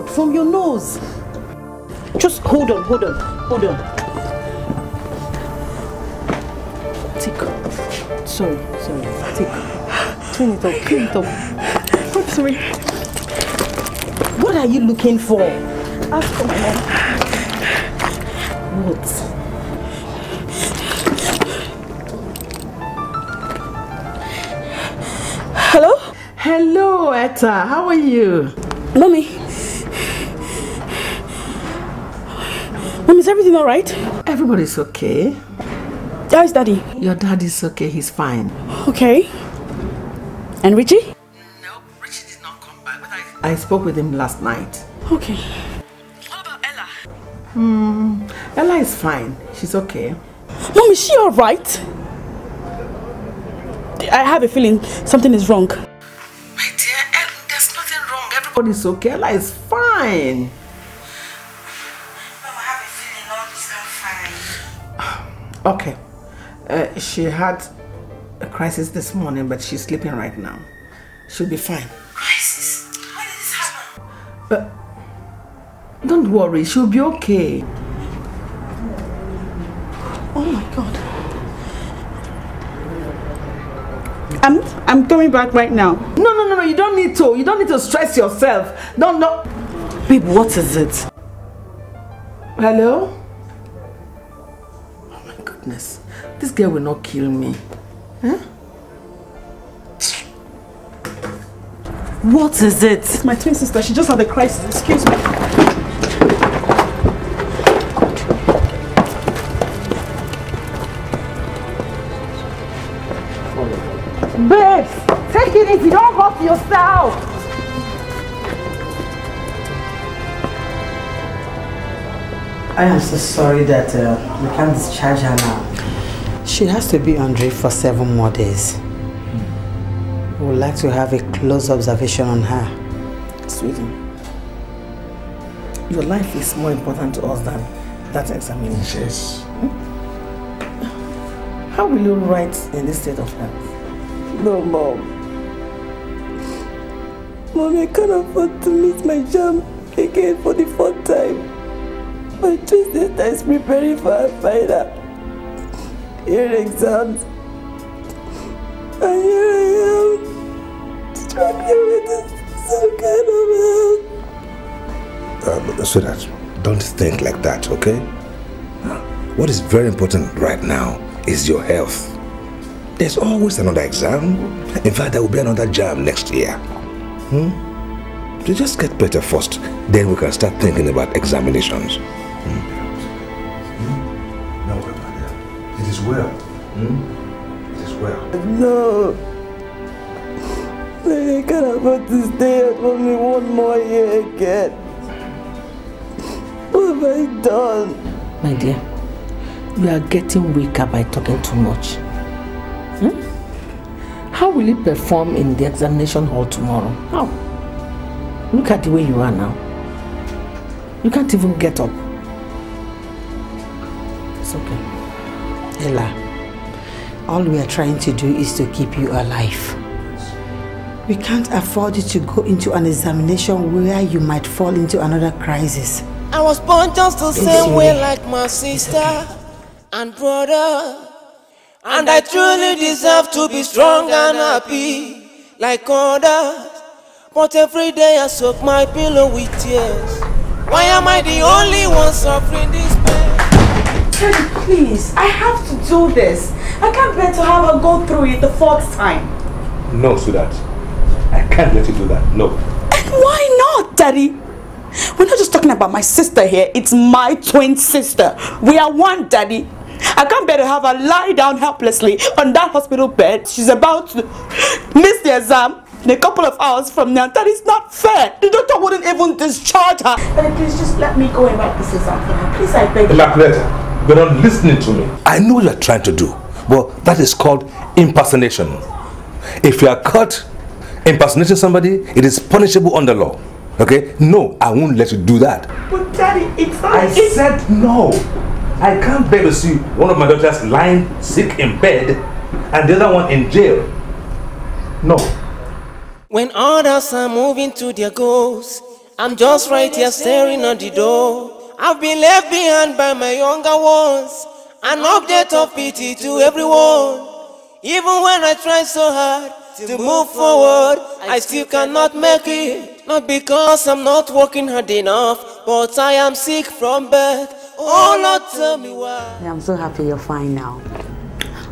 blood from your nose. Just hold on, hold on, hold on. Tick. Sorry, sorry. Tick. Turn it up, Turn it up. I'm sorry. What are you looking for? Ask for my mom. What? Hello, Etta. How are you? Mommy, everything all right? Everybody's okay. How is daddy? Your daddy's okay, he's fine. Okay. And Richie? No, Richie did not come back, but I... I spoke with him last night. Okay. What about Ella? Hmm, Ella is fine. She's okay. Mom, is she all right? I have a feeling something is wrong. My dear, there's nothing wrong. Everybody's okay. Ella is fine. Okay. Uh, she had a crisis this morning, but she's sleeping right now. She'll be fine. Crisis? Why did this happen? Uh, don't worry, she'll be okay. Oh my god. I'm I'm coming back right now. No no no no you don't need to. You don't need to stress yourself. Don't no Babe, what is it? Hello? goodness. This girl will not kill me. Huh? What is it? It's my twin sister. She just had a crisis. Excuse me. Babe, take it easy. Don't hurt yourself. I am so sorry that uh, we can't discharge her now. She has to be on drift for seven more days. We would like to have a close observation on her. Sweetie, your life is more important to us than that examination. Yes. Hmm? How will you write in this state of health? No, Mom. Mommy, I can't afford to miss my jam again for the fourth time. My two sisters preparing for her final year exams. And here I am, struggling with some kind of health. Um, so that don't think like that, okay? What is very important right now is your health. There's always another exam. In fact, there will be another jam next year. Hmm? So just get better first, then we can start thinking about examinations. well. Hmm? It is well. No. I can't afford to stay at only one more year again. What have I done? My dear, you are getting weaker by talking too much. Hmm? How will you perform in the examination hall tomorrow? How? Look at the way you are now. You can't even get up. It's okay. Ella, all we are trying to do is to keep you alive. We can't afford you to go into an examination where you might fall into another crisis. I was born just the it's same way like my sister okay. and brother. And I truly deserve to be strong and happy like others. But every day I soak my pillow with tears. Why am I the only one suffering this pain? Please, I have to do this. I can't bear to have her go through it the fourth time. No, Sudat. I can't let you do that. No. And why not, Daddy? We're not just talking about my sister here. It's my twin sister. We are one, Daddy. I can't bear to have her lie down helplessly on that hospital bed. She's about to miss the exam in a couple of hours from now. That is not fair. The doctor wouldn't even discharge her. Daddy, please just let me go and write this exam for her. Please, I beg you they are not listening to me. I know you're trying to do, but that is called impersonation. If you are caught impersonating somebody, it is punishable under law. Okay? No, I won't let you do that. But daddy, it's not I said no. I can't bear to see one of my daughters lying sick in bed and the other one in jail. No. When others are moving to their goals, I'm just right here staring at the door. I've been left behind by my younger ones, an object of pity to everyone. Even when I try so hard to move forward, I still cannot make it. Not because I'm not working hard enough, but I am sick from birth. Oh Lord, tell me why. I'm so happy you're fine now.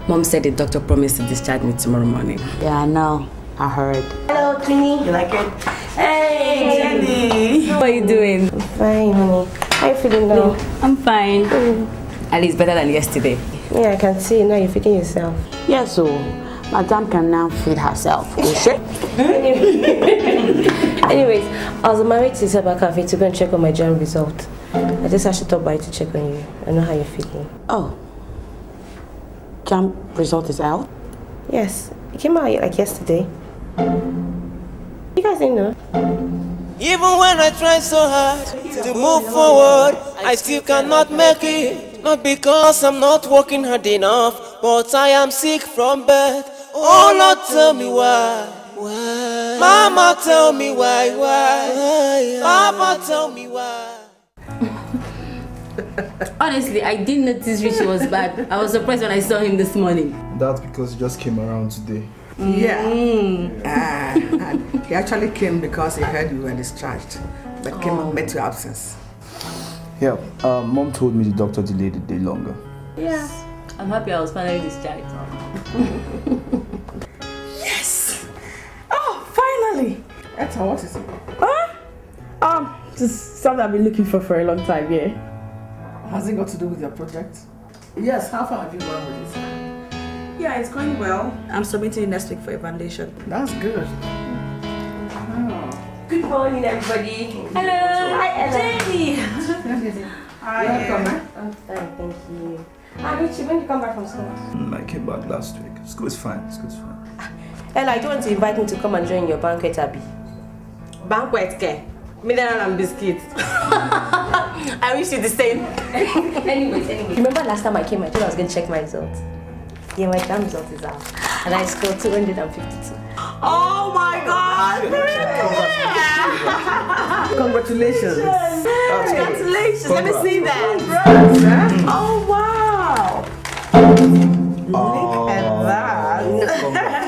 Mom said the doctor promised to discharge me tomorrow morning. Yeah, now I heard. Hello, Trini. You like it? Hey, Jenny. How are you doing? I'm fine, honey. How you feeling now? I'm fine. Mm. At least better than yesterday. Yeah, I can see now you're feeding yourself. Yeah, oh. so Madame can now feed herself. Oh, Anyways, I was married to Saba Cafe to go and check on my jam result. I just actually stopped by to check on you. I know how you're feeling. Oh. Jam result is out? Yes. It came out like yesterday. You guys ain't know. Even when I try so hard to move forward, I still cannot make it. Not because I'm not working hard enough, but I am sick from birth. Oh Lord, tell me why. Why? Mama, tell me why, why? Papa, tell me why. Honestly, I didn't notice Richie was back. I was surprised when I saw him this morning. That's because he just came around today. Yeah. Mm. Uh, he actually came because he heard you were discharged, but oh. came and met your absence. Yeah, uh, mom told me the doctor delayed the day longer. Yeah, I'm happy I was finally discharged. yes! Oh, finally! That's what is it? Huh? Um, just something I've been looking for for a long time, yeah. Has it got to do with your project? Yes, how far have you gone with this? Yeah, it's going well. I'm submitting next week for evaluation. That's good. Oh. Good morning, everybody. Hello. Hi, Ella. Jenny. Hi. Welcome. I'm fine, thank you. Ah, Richie, when did you come back from school? Mm, I came back last week. School is fine. School is fine. Ah, Ella, I don't want to invite me to come and join your banquet, Abby. Banquet, Okay. Mineral and biscuits. I wish you the same. anyways, anyways. Remember last time I came, I told I was going to check my results. Yeah, my exam result is out. And I scored 252. Oh my god! Congratulations! Congratulations! Congratulations. Let me see that. Oh wow! Look at oh. that.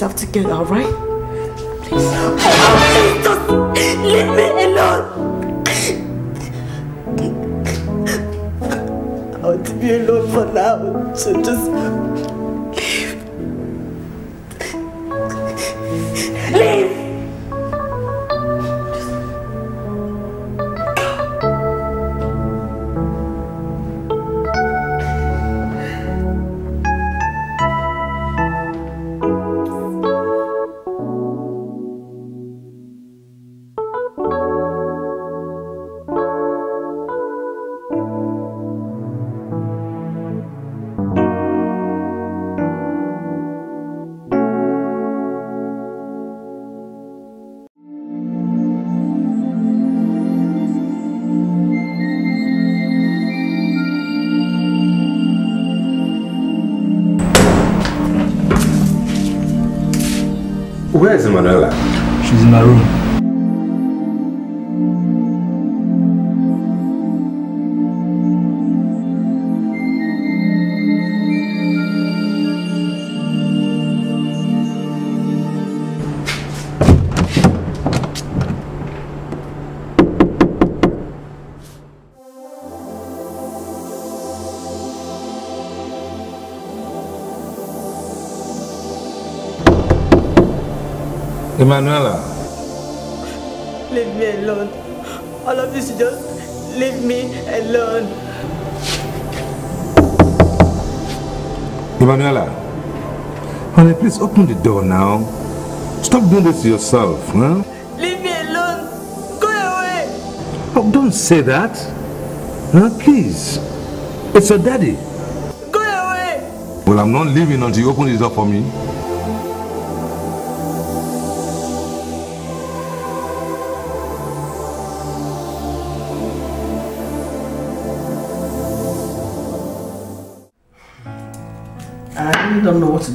yourself together, alright? Please. Please just leave me alone. I want to be alone for now, so just leave. Leave! Emanuela. Leave me alone. All of you just leave me alone. Emanuela. Honey, please open the door now. Stop doing this to yourself, huh? Leave me alone. Go away. Oh, don't say that. Huh? Please. It's your daddy. Go away. Well, I'm not leaving until you open this door for me.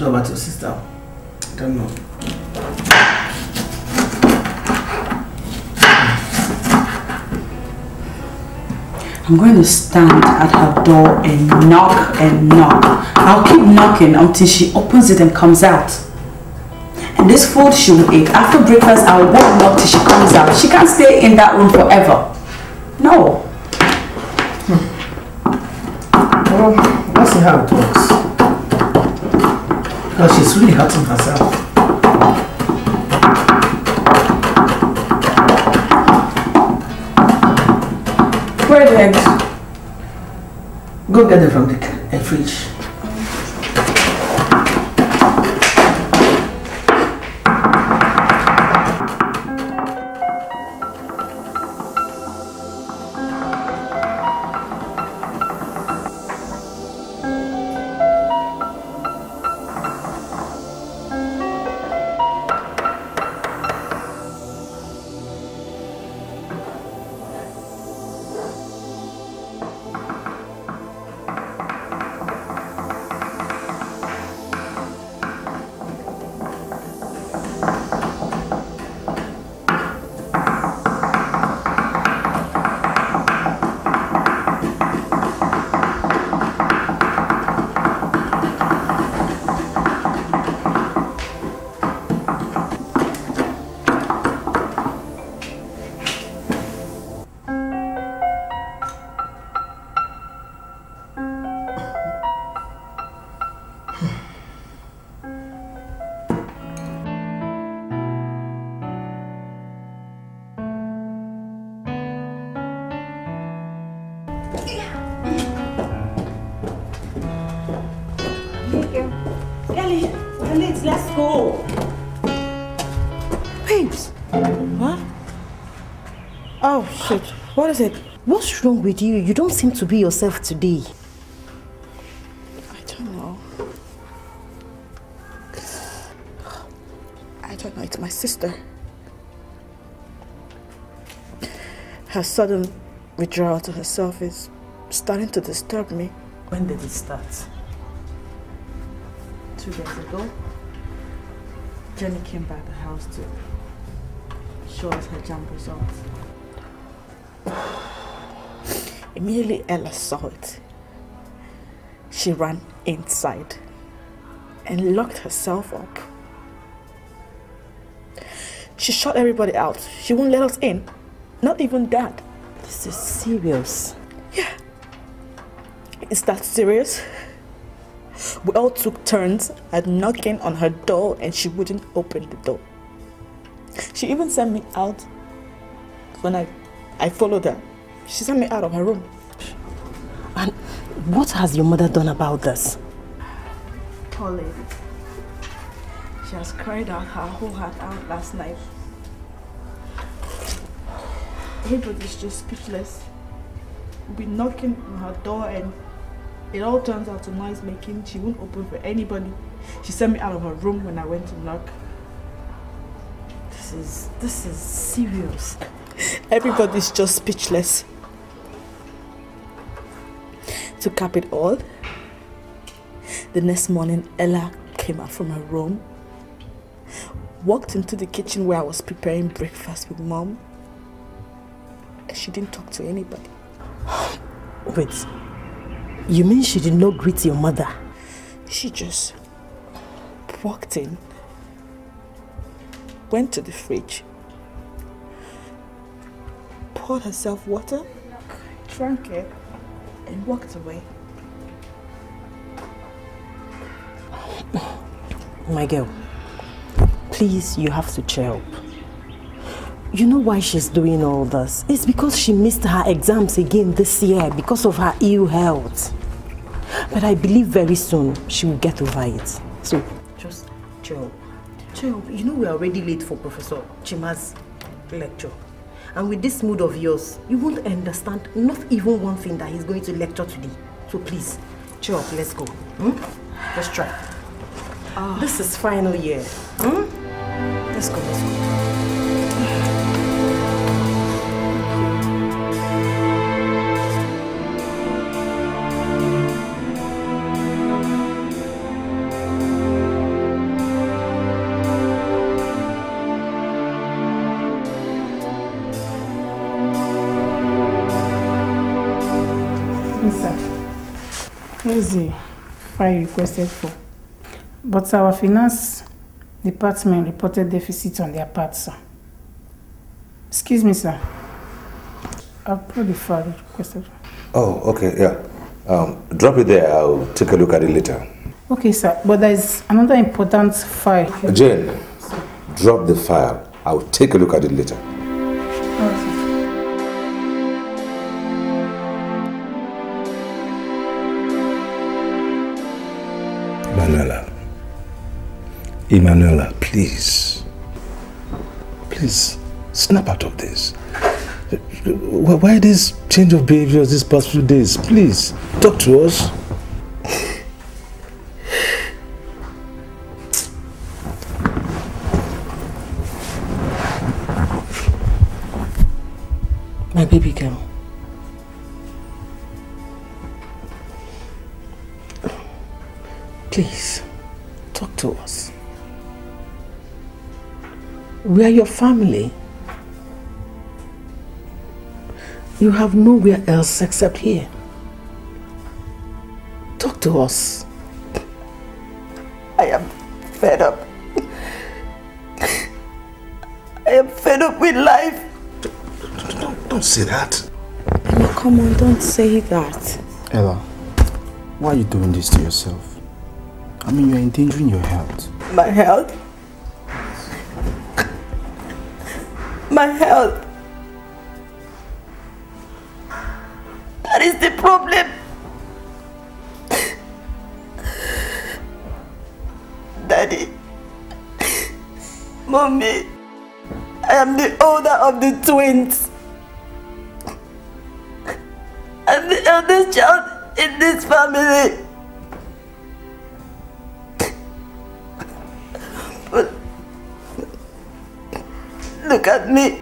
it over to your sister. I don't know. I'm going to stand at her door and knock and knock. I'll keep knocking until she opens it and comes out. And this food she will eat. After breakfast, I'll walk knock till she comes out. She can't stay in that room forever. No. is really hard herself. eggs. Go get them from the fridge. what's wrong with you? You don't seem to be yourself today. I don't know. I don't know, it's my sister. Her sudden withdrawal to herself is starting to disturb me. When did it start? Two days ago, Jenny came by the house to show us her jump results. Immediately, Ella saw it. She ran inside and locked herself up. She shut everybody out. She won't let us in. Not even dad. This is serious. Yeah. Is that serious? We all took turns at knocking on her door and she wouldn't open the door. She even sent me out when I, I followed her. She sent me out of her room. And what has your mother done about this? Colin, she has cried out her whole heart out last night. Everybody's just speechless. We'll be knocking on her door and it all turns out to noise making. She won't open for anybody. She sent me out of her room when I went to knock. This is, this is serious. Everybody's just speechless. To cap it all, the next morning, Ella came out from her room, walked into the kitchen where I was preparing breakfast with mom. She didn't talk to anybody. Wait, you mean she did not greet your mother? She just walked in, went to the fridge, poured herself water, drank it, and walked away. My girl, please, you have to cheer up. You know why she's doing all this? It's because she missed her exams again this year because of her ill health. But I believe very soon she will get over it. So, just chill. Chill. You know we're already late for Professor Chima's lecture. And with this mood of yours, you won't understand not even one thing that he's going to lecture today. So please, cheer up, let's go. Hmm? Let's try. Oh. This is final year. Hmm? Let's go, let's go. is the file requested for. But our finance department reported deficit on their part, sir. Excuse me, sir. I'll put the file requested for. Oh, okay, yeah. Um, drop it there. I'll take a look at it later. Okay, sir. But there is another important file. Jane, drop the file. I'll take a look at it later. Okay. Emanuela, please. Please, snap out of this. Why this change of behavior these past few days? Please, talk to us. My baby girl. We are your family. You have nowhere else except here. Talk to us. I am fed up. I am fed up with life. Don't, don't, don't say that. Emma, come on, don't say that. Ella, why are you doing this to yourself? I mean, you're endangering your health. My health? my health. That is the problem. Daddy, Mommy, I am the older of the twins. I'm the eldest child in this family. look at me.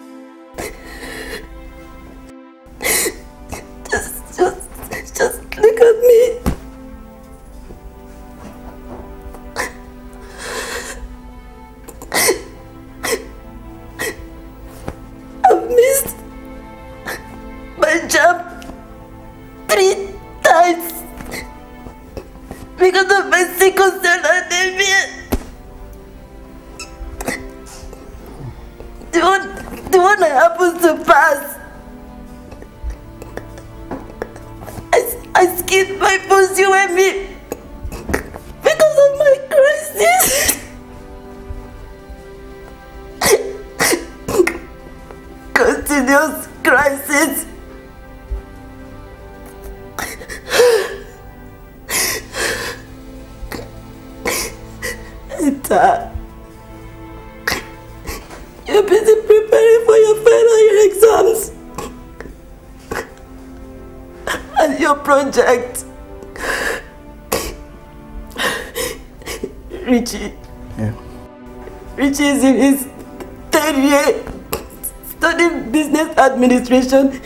administration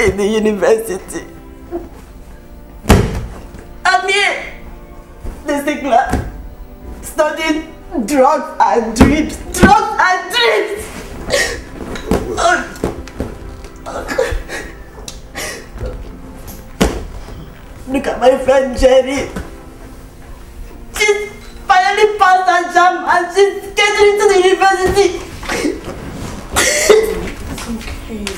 in the university. I'm here, the sick studying drugs and drips, drugs and drips. Look at my friend Jerry. She's finally passed her jam and she's getting into the university. you. You do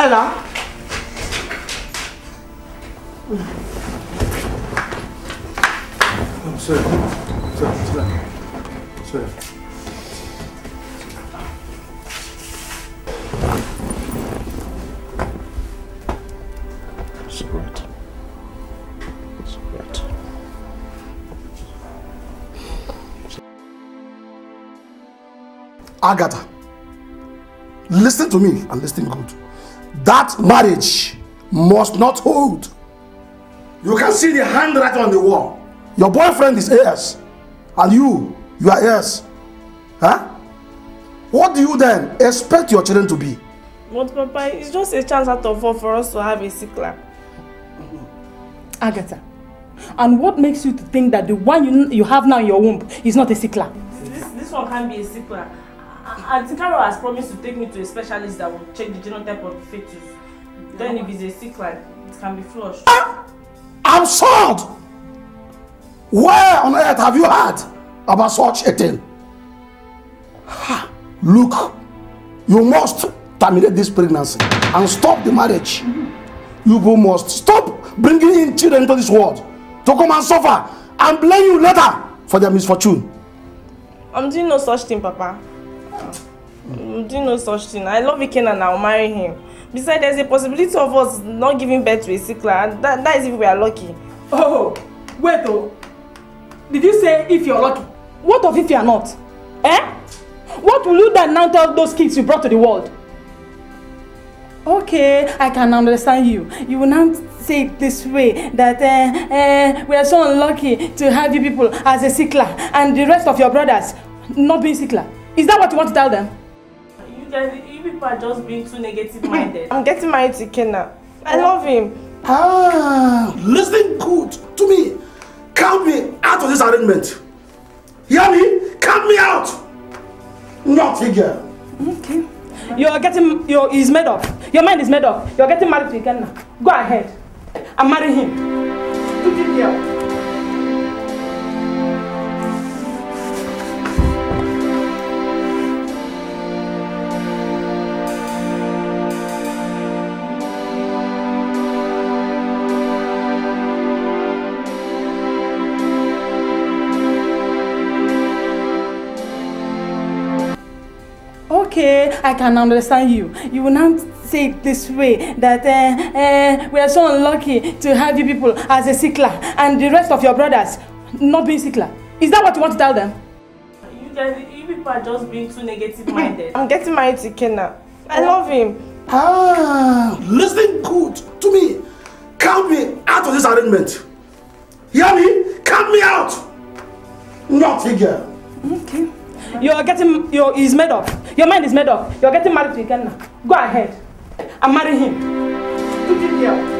Hello? Oh, sir. Sir, sir. Sir. Agatha, listen to me and listen good. That marriage must not hold. You can see the handwriting on the wall. Your boyfriend is AS, and you, you are AS. Huh? What do you then expect your children to be? But Papa, it's just a chance out of all for us to have a sick Agatha, and what makes you to think that the one you, you have now in your womb is not a sick This, this one can't be a sick Auntie Carol has promised to take me to a specialist that will check the genotype of the fetus. Then if it's a sick like, it can be flushed. I'm shocked! Where on earth have you heard about such a thing? Ha, look, you must terminate this pregnancy and stop the marriage. Mm-hmm. You must stop bringing in children into this world to come and suffer and blame you later for their misfortune. I'm doing no such thing, Papa. do no such thing. I love Ikenna and I'll marry him. Besides, there's a possibility of us not giving birth to a sickler, that, that is if we are lucky. Oh, wait though. Did you say if you're lucky? What of if you're not? Eh? What will you then now tell those kids you brought to the world? Okay, I can understand you. You will now say it this way, that uh, uh, we are so unlucky to have you people as a sickler and the rest of your brothers not being sickler. Is that what you want to tell them? guys, you people are just being too negative minded. I'm getting married to Kenna. I love him. Ah, listen good to me. Count me out of this arrangement. Hear me? Count me out. Not here. Okay. You're getting, you're, he's made up. Your mind is made up. You're getting married to Ikenna. Go ahead. And marry him. Stupid girl. I can understand you. You will not say it this way that uh, uh, we are so unlucky to have you people as a sickler and the rest of your brothers not being sickler. Is that what you want to tell them? You guys, you people are just being too negative-minded. I'm getting married to Kenna. I love him. Ah, listen good to me. Count me out of this arrangement. Hear me? Count me out! Not again. Okay. You're getting, your he's made up. Your mind is made up. You're getting married to Ikenna. Go ahead and marry him. Stupid girl.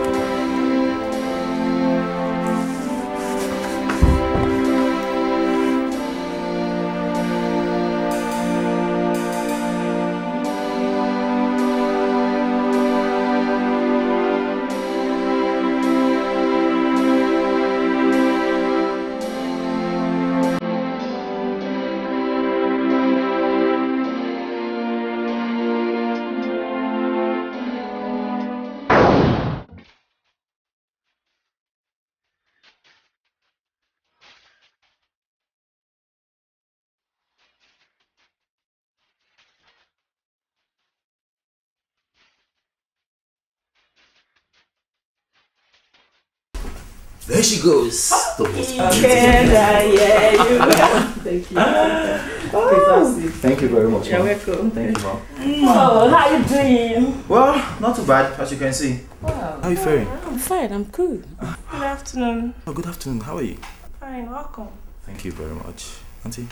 Here she goes. The most Thank you. Oh. Thank you very much. You're welcome. Thank you, mom. Mm. Oh, how you doing? Well, not too bad, as you can see. Wow. How are you faring? I'm fine. I'm cool. Good afternoon. Oh, good afternoon. How are you? Fine. Welcome. Thank you very much, Auntie.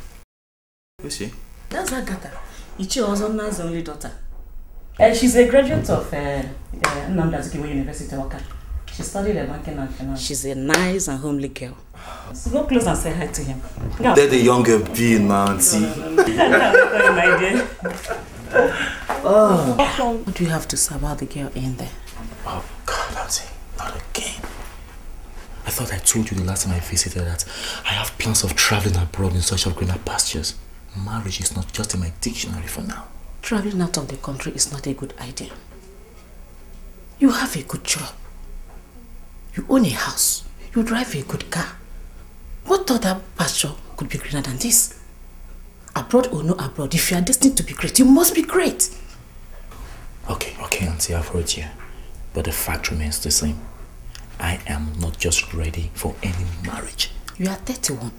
Who is she? That's Agatha. Ichi Ozonna's only daughter. Uh, she's a graduate of uh, eh, uh, eh, Namdazukiwa University, she studied at banking and finance. She's a nice and homely girl. So go close and say hi to him. They're the younger being, now, auntie. Oh. What do you have to say about the girl in there? Oh, God, auntie. Not again. I thought I told you the last time I visited that I have plans of traveling abroad in search of greener pastures. Marriage is not just in my dictionary for now. Traveling out of the country is not a good idea. You have a good job. You own a house. You drive a good car. What other pasture could be greener than this? Abroad or no abroad, if you are destined to be great, you must be great. Okay, okay, Auntie you, But the fact remains the same. I am not just ready for any marriage. You are 31.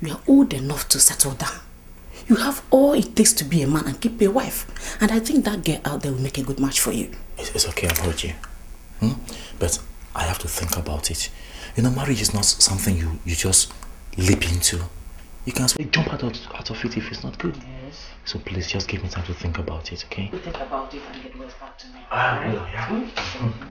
You are old enough to settle down. You have all it takes to be a man and keep a wife. And I think that girl out there will make a good match for you. It's, it's okay, you. Hmm? But I have to think about it. You know, marriage is not something you, you just leap into. You can say jump out of, out of it if it's not good. Yes. So please just give me time to think about it, okay? You think about it and get back to me. I ah, will, yeah. Mm-hmm.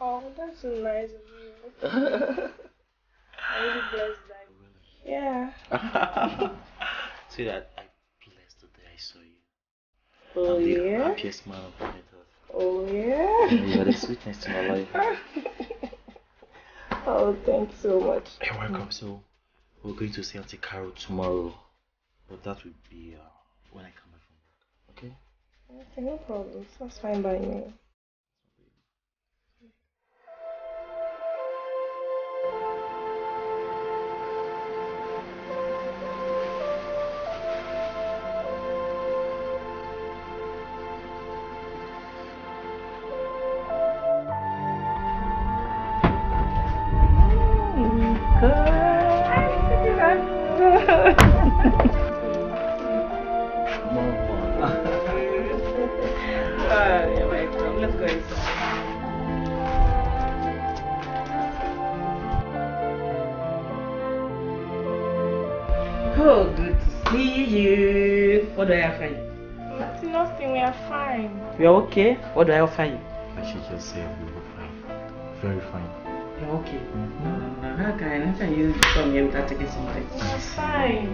Oh, that's nice of you. I really blessed that. Oh, really? Yeah. See that? I blessed the day I saw you. Oh, I'm the yeah? happiest man on planet Earth. Oh, yeah? you are the sweetness to my life. oh, thanks so much. You're hey, welcome. So, we're going to see Auntie Carol tomorrow. But that will be uh, when I come back from work. Okay? Okay, no problems. That's fine by me. You're okay? What do I offer you? I should just say I'm fine. Very fine. You're okay. Mm-hmm. No, no, no, how can I you from here without taking something? It's fine.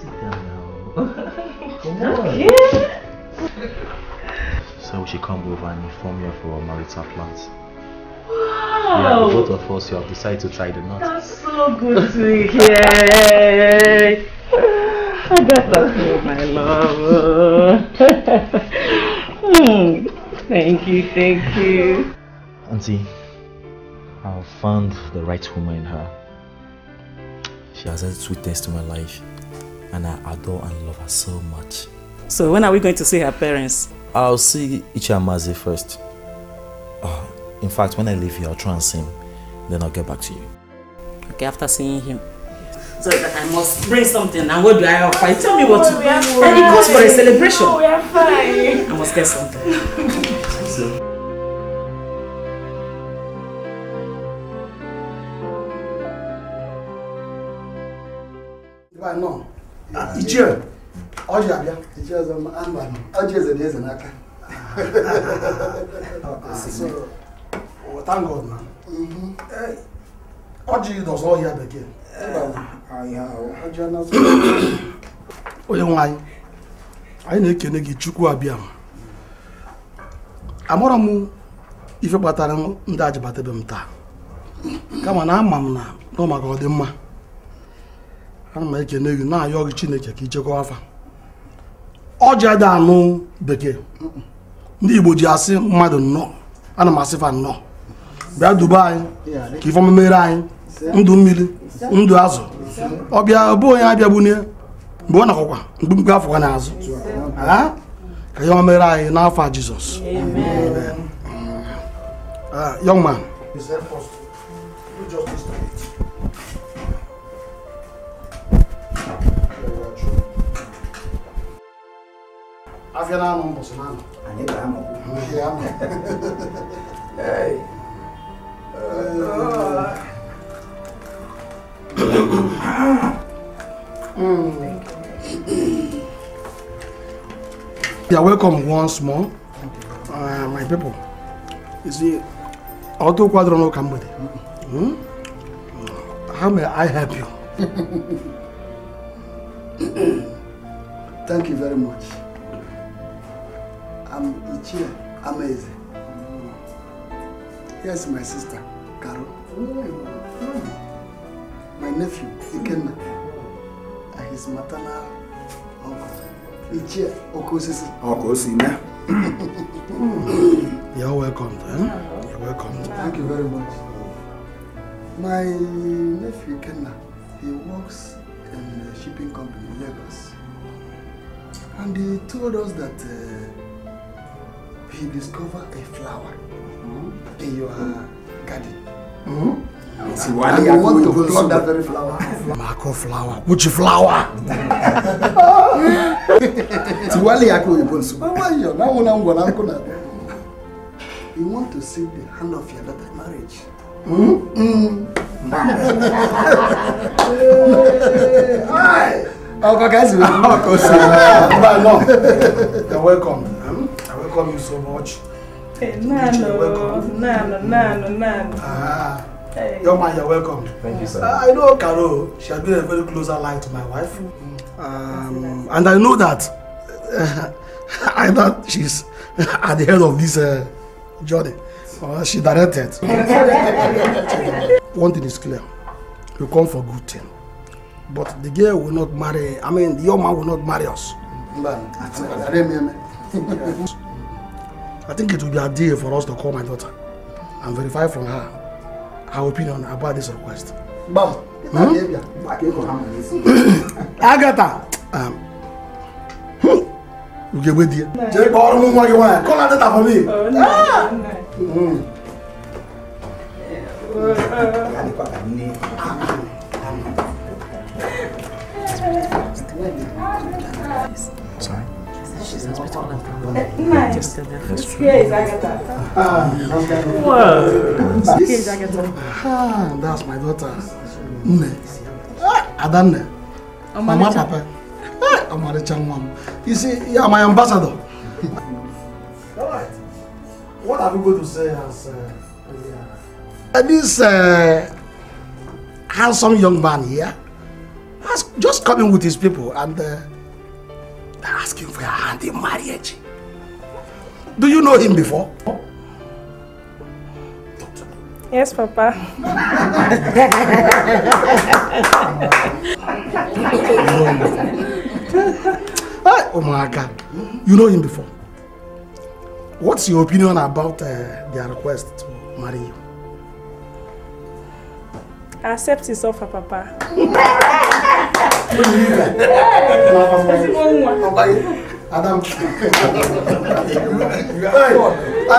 sit down now. Come on. Okay. so we should come over and inform you of our marital plans. Wow! Yeah, both of us, you have decided to tie the knot. That's so good to hear. I got that, my love. thank you, thank you. Auntie, I've found the right woman in her. She has added sweetness to my life and I adore and love her so much. So when are we going to see her parents? I'll see Ichiamazi first. Uh, in fact, when I leave here, I'll try and see him. Then I'll get back to you. Okay, after seeing him. So that I must bring something. And what do I offer? tell me what to. Oh, and it calls for a celebration. No, we are fine. I must get something. Right now, ah, Ichie, ọjị abịa Ichie ọzọ ama ọjị eze na eze n'aka thank ah, ah, God na mhm. ọjị n'ọzọ ọhịa bekee onye nwe anyị anyị na-ekene gị chukwu abịa amụrụ m ife kpatara ndị ajabatebe m taa kama na ama m na ọ maka ọdịmma ana m ekene gị na-ayọ gị chineke ka ichekwa afa ọjị ada anụ bekee ndị igbo ji asị mmadụ nnọọ ana m asịfa nnọọ bịa duba anyị ka ife anyị ndụ mmiri ndụ azụ ọbịa bụ onye abịagbunye mgbe ọ nakọkwa mkpumkpe afọ ha n'azụ ka ya mere anyị n'afọ a jizọs ah, young man afịa na-anọ mbọsị na-anọ anyị ga-anọ anyị ga-anọ ah mm. you are welcome once more uh, my people you see ọtụ kwadoro come mgbede hmm? how may I help you thank you very much I'm Ichie Amaeze yes my sister Carol. Mm nephew, Ikenna, and his maternal uncle, Ichie Okosisi. Okosina. You're welcome, eh? You're welcome. Thank you very much. My nephew, Ikenna, he works in a shipping company in Lagos. And he told us that uh, he discovered a flower mm -hmm. in your garden. Mm -hmm. It's one and you want to pluck that very flower. Marco flower. Which flower? Tiwali yako yibonsu. Mama hiyo, na una ngwa na kuna. You want to see the hand of your daughter marriage. Hmm? Mm. Hey! Ọkọ kasi. Ọkọ si. Mba no. You're welcome. Hmm? I welcome you so much. Hey, eh, nano, nano, nano, nano. Ah. Hey. Your man, you're welcome. Thank you, sir. Uh, I know Carol, she has been a very close ally to my wife. Mm. Um, and I know that uh, either she's at the head of this uh, journey or uh, she directed. One thing is clear you come for good thing. But the girl will not marry, I mean, the young man will not marry us. Mm. I think it will be a deal for us to call my daughter and verify from her her opinion about this request. Boss, hmm? Agatha, um, you get with you. Jẹ́ kọ́ ọdún mú wọ́n yìí wọ́n kọ́ láti tà fún mi. Ìyá nípa kàní in hospital and found uh, nice. tested their first Here Ah, okay. Whoa. Here is Agatha. Ah, that's my daughter. Nne. Ah, Adanne. Mama Papa. Ah, Amaricha Mom. You see, yeah, my ambassador. Alright. What have you got to say as uh, yeah. Uh, uh, this uh, handsome young man here has just come in with his people and uh, they asking for your hand in marriage. Do you know him before? Yes, Papa. oh my God. You know him before. What's your opinion about uh, their request to marry you? I accept his offer, Papa. I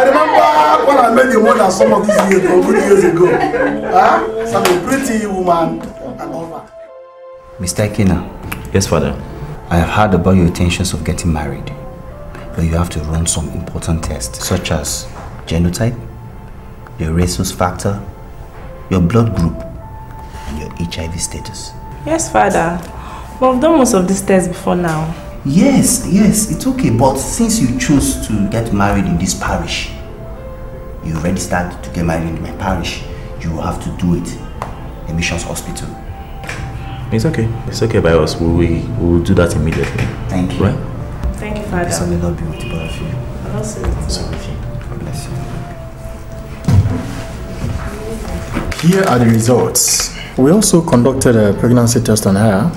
remember when I met the mother some of these years, years ago. Huh? Some pretty woman and all that. Mr. Kina. Yes, father. I have heard about your intentions of getting married. But you have to run some important tests, such as genotype, your rhesus factor, your blood group, and your HIV status. Yes, father. Well, I've done most of these tests before now. Yes, yes, it's okay. But since you chose to get married in this parish, you registered to get married in my parish, you will have to do it in Missions Hospital. It's okay. It's okay by us. We will we, we'll do that immediately. Thank you. Right? Thank you, Father. Yeah, may Lord be with both of you. I'll you. God bless you. Here are the results. We also conducted a pregnancy test on her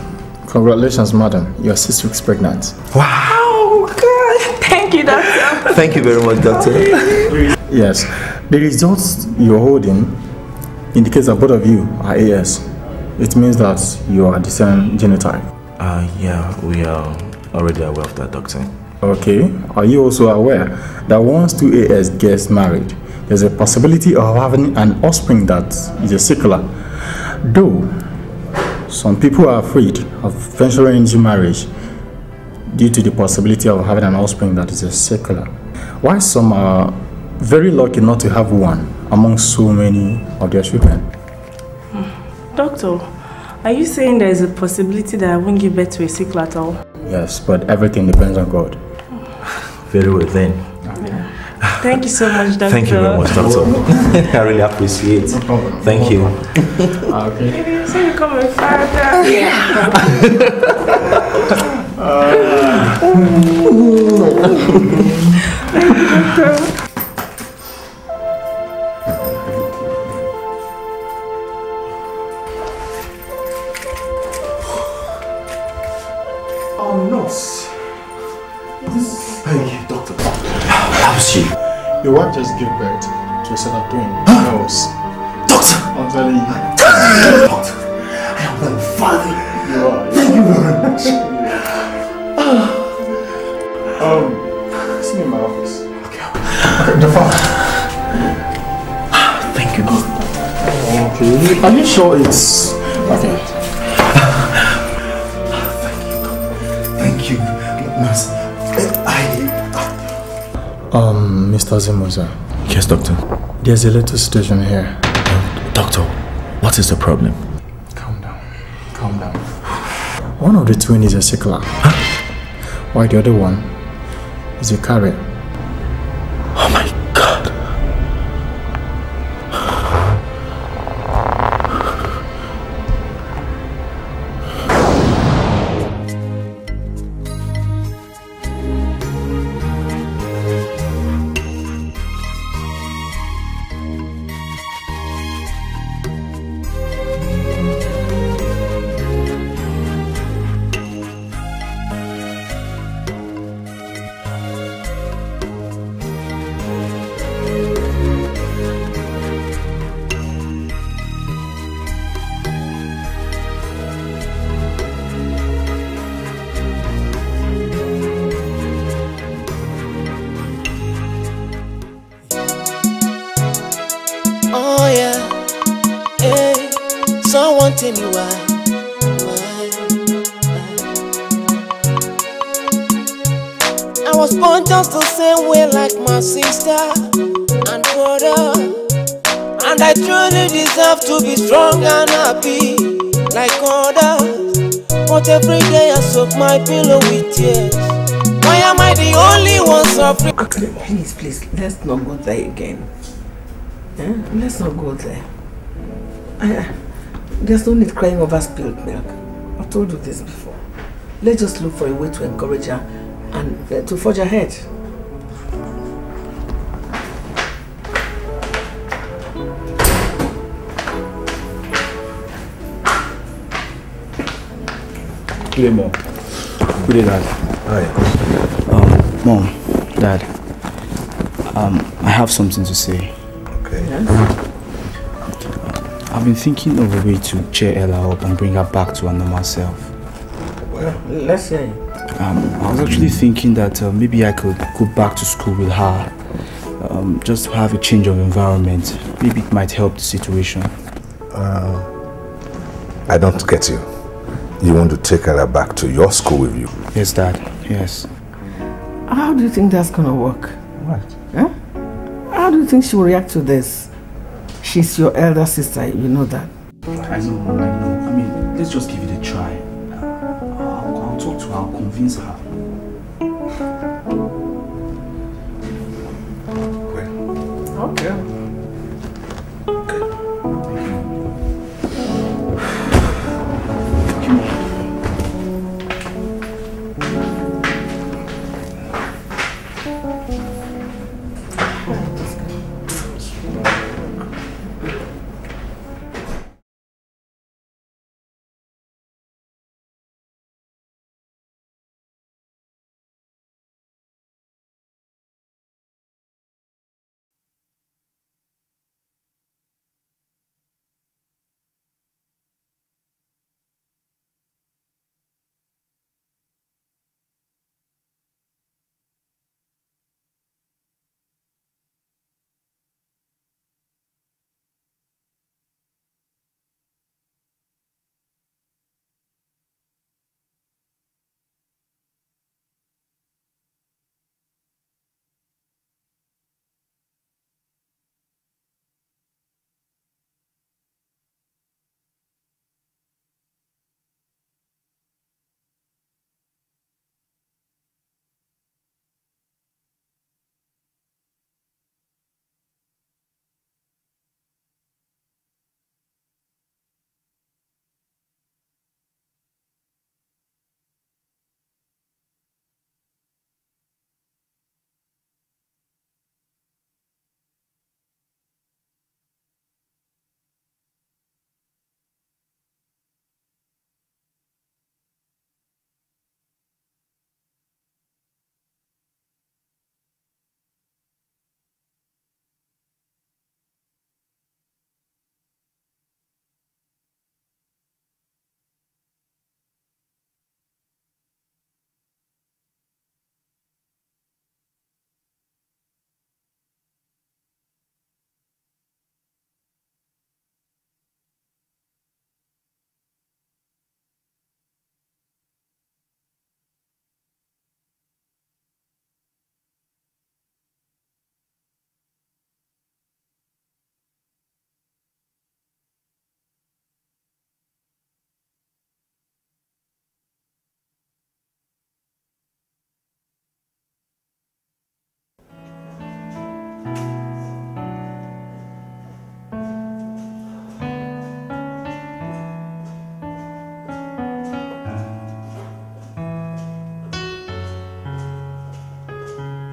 Congratulations, madam. You are six weeks pregnant. Wow! God, Thank you, doctor. Thank you very much, doctor. yes. The results you're holding indicates that both of you are AS. It means that you are the same genotype. Uh, yeah, we are already aware of that, doctor. Okay. Are you also aware that once two AS gets married, there's a possibility of having an offspring that is a secular? Though some people are afraid of venturing into marriage due to the possibility of having an offspring that is a secular. Why some are very lucky not to have one among so many of their children? Hmm. Doctor, are you saying there is a possibility that I won't give birth to a secular at all? Yes, but everything depends on God. Hmm. Very well then. Yeah. Thank you so much, Doctor. Thank you very much, Doctor. I really appreciate it. No Thank ah, no you. okay. So you come and fire Yeah. uh. Thank you, Doctor. give birth to a son of twin girls. Doctor! I'm telling you. Doctor! I am the father! You are. Thank you very much. um, see me in my office. Okay. Okay, the father. Thank you, Doctor. Okay. Are you sure it's... Okay. Thank you. Thank you, nurse. Um, Mr. Zemoza. Yes, Doctor. There's a little situation here. doctor, what is the problem? Calm down. Calm down. One of the twins is a sickler. Huh? While the other one is a carrier. let not go there. I, there's no need crying over spilled milk. I have told you this before. Let's just look for a way to encourage her and uh, to forge ahead. Good day, Good day, Dad. Hi. Um, Mom, Dad, um, I have something to say. Okay. Yes? I've been thinking of a way to cheer Ella up and bring her back to her normal self. Well, let's hear it. Um, I was actually thinking that uh, maybe I could go back to school with her. Um, just to have a change of environment. Maybe it might help the situation. Uh, I don't get you. You want to take Ella back to your school with you? Yes, Dad. Yes. How do you think that's going to work? What? Huh? How do you think she will react to this? She's your elder sister, you know that. I know, I know. I mean, let's just give it a try. Uh, I'll, I'll talk to her, I'll convince her.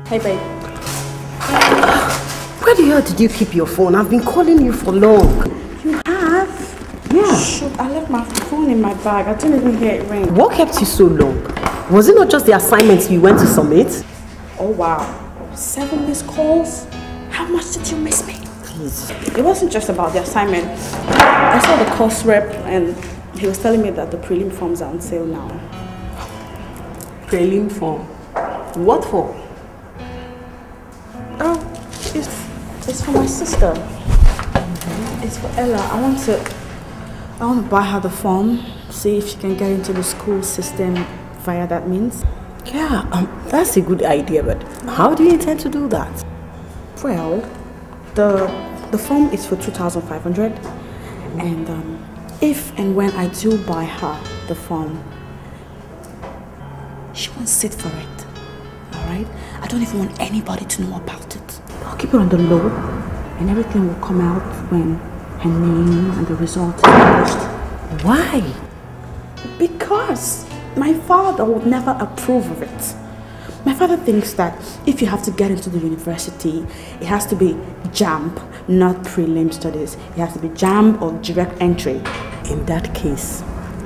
Hey, babe. Where the hell did you keep your phone? I've been calling you for long. You have? Yeah. Shoot, I left my phone in my bag. I didn't even hear it ring. What kept you so long? Was it not just the assignments you went to submit? Oh, wow. Seven missed calls? How much did you miss me? Please. It wasn't just about the assignment. I saw the course rep and he was telling me that the prelim forms are on sale now. Prelim form? What for? for my sister. It's for Ella. I want to, I want to buy her the form, see if she can get into the school system via that means. Yeah, um, that's a good idea, but how do you intend to do that? Well, the the form is for 2,500 and um, if and when I do buy her the form, she won't sit for it, all right? I don't even want anybody to know about it. I'll keep her on the low and everything will come out when her name and the result is published. Why? Because my father would never approve of it. My father thinks that if you have to get into the university, it has to be JAMP, not prelim studies. It has to be JAMP or direct entry. In that case,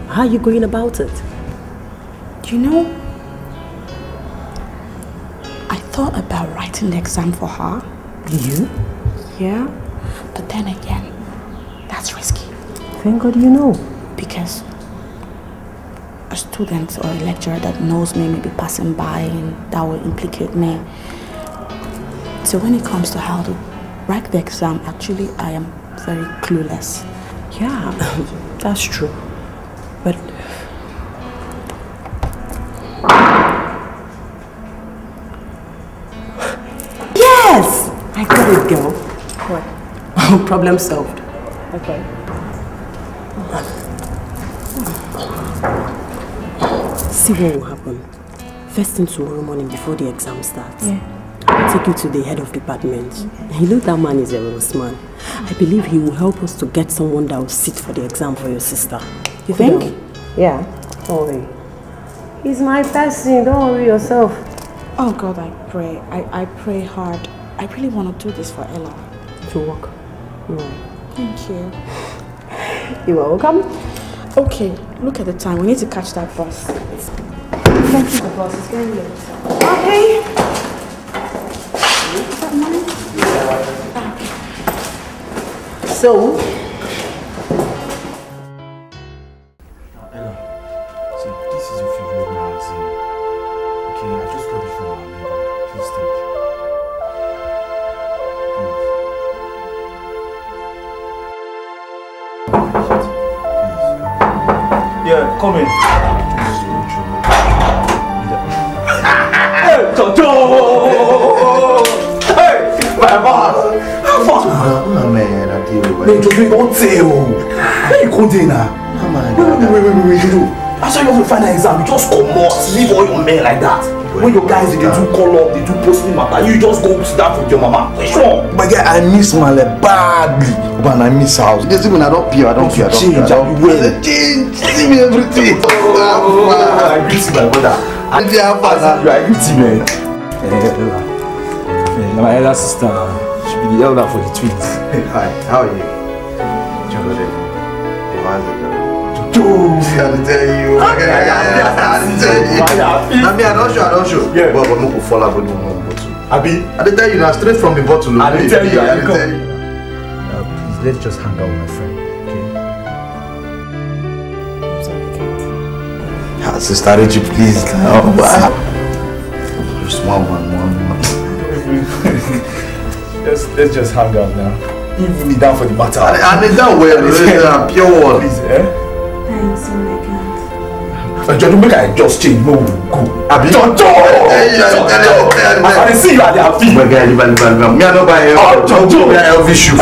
how are you going about it? You know, I thought about writing the exam for her. You? Yeah? But then again, that's risky. Thank God you know. Because a student or a lecturer that knows me may be passing by and that will implicate me. So when it comes to how to write the exam, actually I am very clueless. Yeah, that's true. But problem solved. Okay. See what will happen. First thing tomorrow morning before the exam starts. Yeah. I'll take you to the head of department. Okay. You know that man is a honest man. I believe he will help us to get someone that will sit for the exam for your sister. You think? Yeah, Sorry. He's my thing. don't worry yourself. Oh God, I pray. I, I pray hard. I really want to do this for Ella. To work. Thank you. You're welcome. Okay, look at the time. We need to catch that bus. Thank you, the bus. It's getting late. Okay. Is that mine? Yeah. So, day now. No, Wait, wait, wait, wait, wait, wait, wait. After your final exam, you just comot, leave all your men like that. When, when your guys they do call up, they do post posting matter, you just go sit down with your mama. Sure. My guy, I miss Male badly. Man, I miss house. Just even I don't pee, I don't pee, I don't pee. Change, I don't Change, give me everything. Oh, man. I miss my brother. I did have fun. You are guilty, man. Eh. Eh, hey, eh, my elder sister, she be the elder for the twins. Hi, how are you? see, I'm telling you. Okay, yeah, yeah, I'm telling you. I here. I don't show, I am here. I'm here. I'm not going to fall out with no bottle. Abi. I didn't tell you now, straight from the bottle. I didn't tell you, I didn't tell you. Uh, please, let's just hang out with my friend. Okay? Ah, Sister Reggie, please. No. Oh, just one, one, one, one. let's let's just hang out now. Even me down for the matter. And, and it's that well, it's uh, pure one. Please, eh? Jojo, make I just change mo go. Abi. Jojo. I see you at the happy. My guy, live, live, live. Me I no buy. Oh, Jojo. Me I have issue.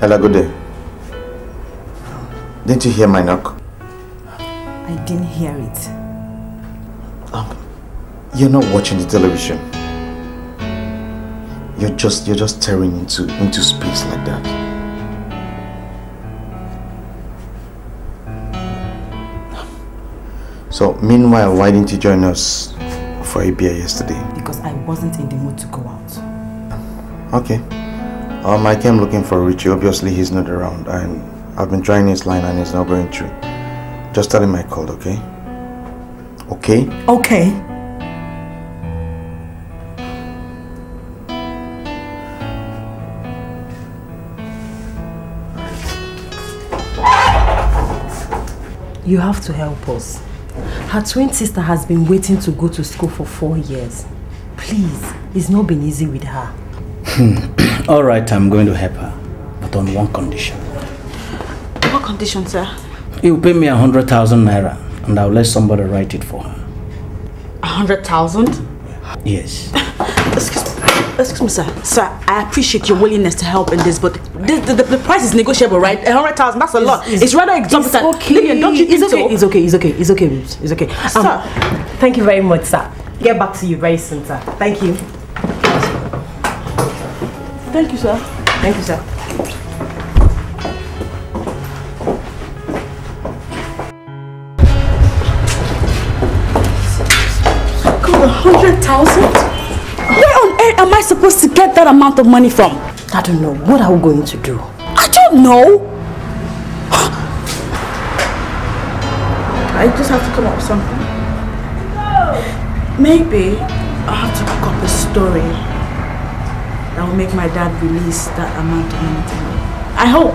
Hello, good day. Didn't you hear my knock? I didn't hear it. You're not watching the television. You're just you're just staring into into space like that. So meanwhile, why didn't you join us for a beer yesterday? Because I wasn't in the mood to go out. Okay. Um, I came looking for Richie. Obviously, he's not around, and I've been trying his line, and it's not going through. Just tell him I called, okay? Okay. Okay. You have to help us. Her twin sister has been waiting to go to school for four years. Please, it's not been easy with her. Hmm. All right, I'm going to help her, but on one condition. What condition, sir? You pay me a hundred thousand naira, and I'll let somebody write it for her. A hundred thousand? Yes excuse me, sir. Sir, I appreciate your willingness to help in this, but this, the, the, the, price is negotiable, right? A hundred thousand, that's a lot. It's, it's, rather exorbitant. It's okay. Lillian, don't you think it's okay. So? It's okay, it's okay, it's okay, It's okay. Um, sir, thank you very much, sir. Get back to you very soon, sir. Thank you. Thank you, sir. Thank you, sir. hundred thousand? Where on earth am I supposed to get that amount of money from? I don't know. What are we going to do? I don't know. I just have to come up with something. Maybe I have to cook up a story that will make my dad release that amount of money to me. I hope.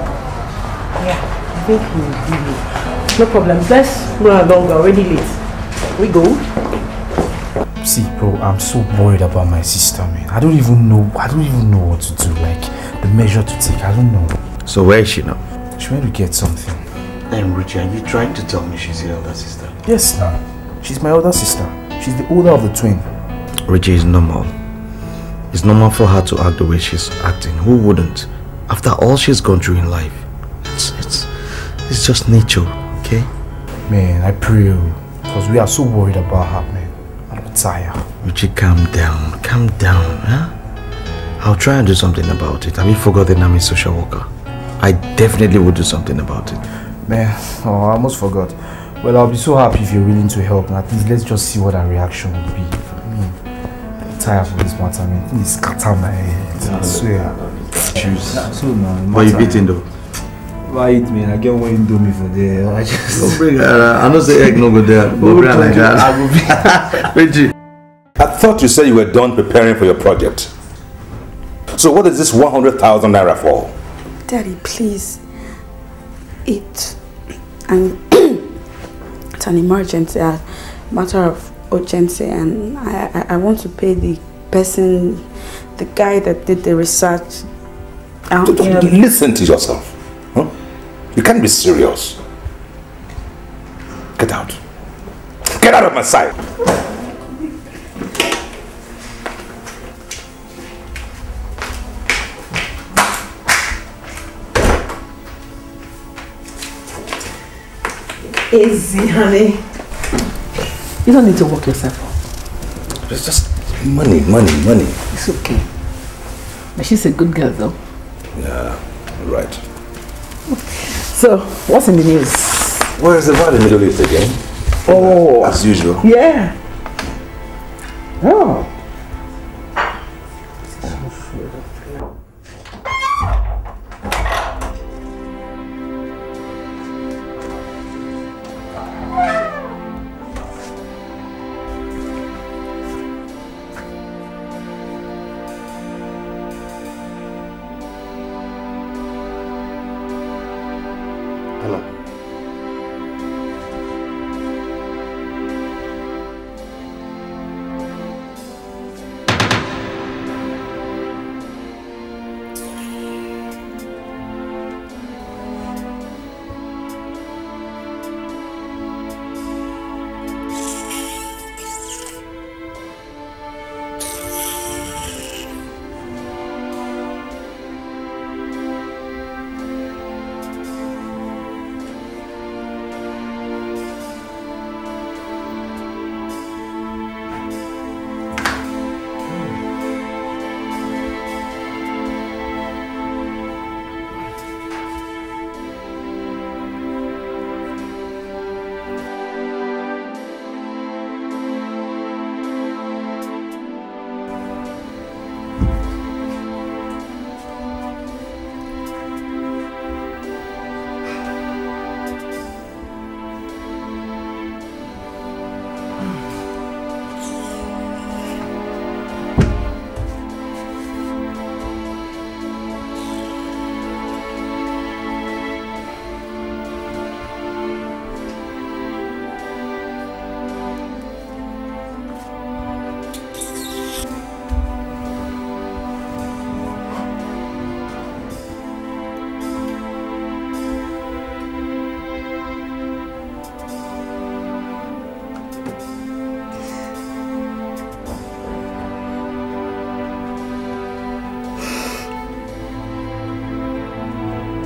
Yeah, I think we will. No problem. Let's move along. We're already late. We go see bro i'm so worried about my sister man i don't even know i don't even know what to do like the measure to take i don't know so where is she now she went to get something And richie are you trying to tell me she's your elder sister yes now she's my older sister she's the older of the twin richie is normal it's normal for her to act the way she's acting who wouldn't after all she's gone through in life it's it's it's just nature okay man i pray because oh, we are so worried about her man Messiah. calm down? Calm down, huh? I'll try and do something about it. Have you forgotten I'm a social worker? I definitely will do something about it. Man, oh, I almost forgot. Well, I'll be so happy if you're willing to help. Now, please, let's just see what our reaction will be. I am tired of this matter. I mean, it's out my head. I swear. Choose. So, no, but you've though. Why eat me? I get one indomie for there. I just. Don't bring it. Uh, I know say egg no go there. Go bring like that. I will be. I thought you said you were done preparing for your project. So what is this 100,000 naira for? Daddy, please. And it's an emergency, a matter of urgency, and I, I, I want to pay the person, the guy that did the research. Um, listen to yourself. You can't be serious. Get out. Get out of my sight. Easy, honey. You don't need to work yourself up. It's just money, money, money. It's okay. But she's a good girl, though. Yeah, right. So, what's in the news? Well, it's about the Middle East again. Oh. As usual. Yeah. Oh.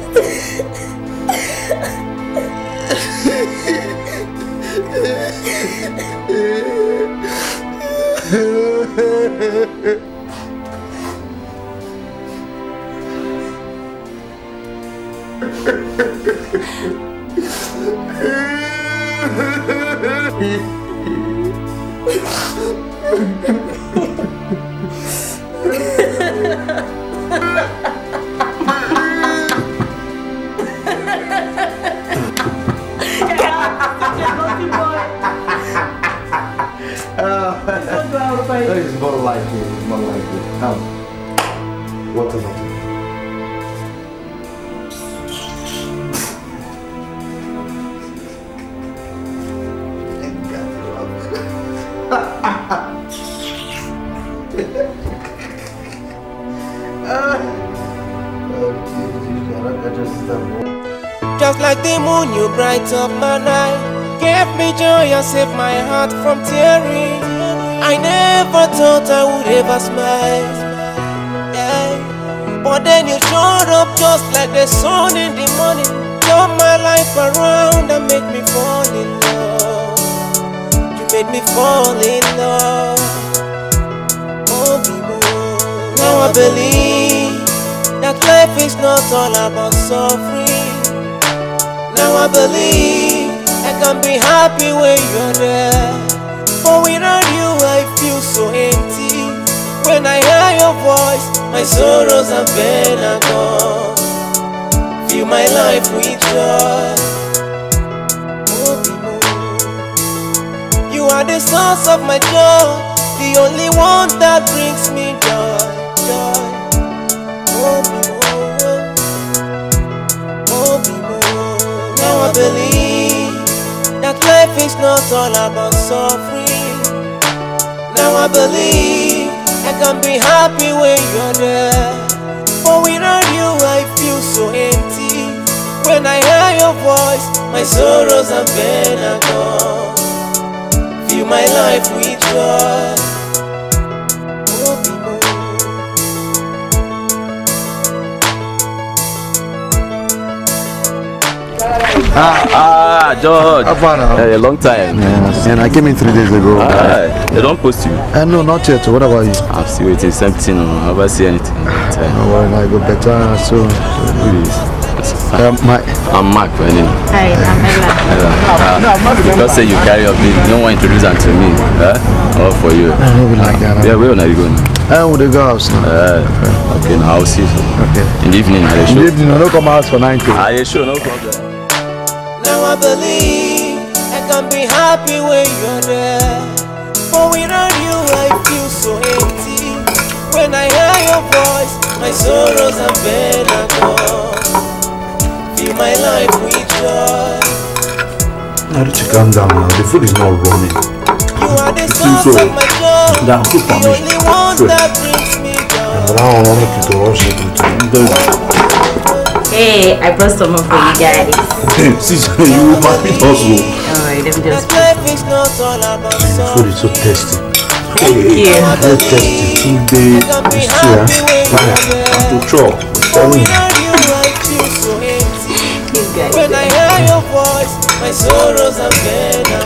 Ha ha ha ha! from tearing. I never thought I would ever smile. Yeah. But then you showed up just like the sun in the morning. turn my life around and made me fall in love. You made me fall in love. Oh, people. Now I believe that life is not all about suffering. Now I believe I can be happy when you're there. For without you I feel so empty When I hear your voice My sorrows are been are gone Fill my life with joy You are the source of my joy The only one that brings me joy, joy. Now I believe that life is not all about suffering now I believe I can be happy when you're there. But without you, I feel so empty. When I hear your voice, my sorrows are vain are gone. Fill my life with joy. Ah, ah. Ah, George. How far now? Hey, a long time. Yes. And I came in three days ago. Ah, They eh, don't post you? Uh, eh, no, not yet. What about you? I'm still waiting. Same thing. I haven't seen anything. No worry, I go better soon. Please. Uh, my, I'm Mark Benin. Hi, I'm Ella. Ella. Uh, no, I'm not say you carry your baby, no one introduce them to me. Huh? Eh? All for you. I don't like that. Yeah, where are you going? I will go house now. Uh, okay, now I'll see you. Okay. In the evening, I show. In the evening, no come out for 90. I show, no problem. Now I believe I can be happy when you're there. For without you, I feel so empty. When I hear your voice, my sorrows are better gone. Fill my life with joy. Now that you calm down now, the food is not running. You are the source of my joy. Down, put the only one that brings me down. And now I want to go to the Hey, I brought some up for you guys. Sis, you will pass it also. Alright, let me just. This food is so tasty. Thank hey, you. Very tasty. Today, this year, I'm to chop. Sorry. When I hear your voice, my sorrows are better.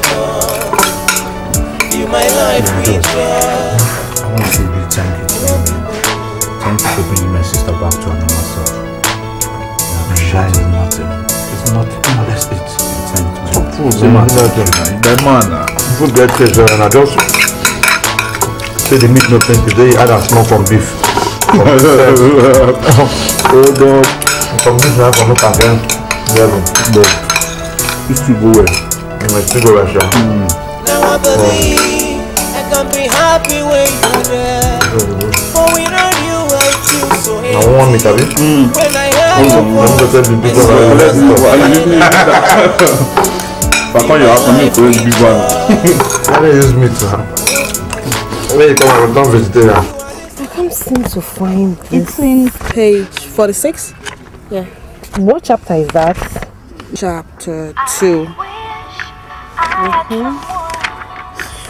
You, my life, we I want to really thank you. Thank you for bringing my sister back to her. shy is not a, it's not modest. It's it's an it's a matter. The man, people get pressure, and I just say they meat no plenty. They add a small from beef. oh God, from this now from not again. Level, but it still go well. It might still go Now I believe oh. I can be happy when you're there, but we don't. I want me, Kavi. Mm. I'm just telling people that I you ask me to use big one, why do you use meat? Where you come I'm vegetarian. I can't seem to find this. It's in page 46. Yeah. What chapter is that? Chapter 2. Mm-hmm.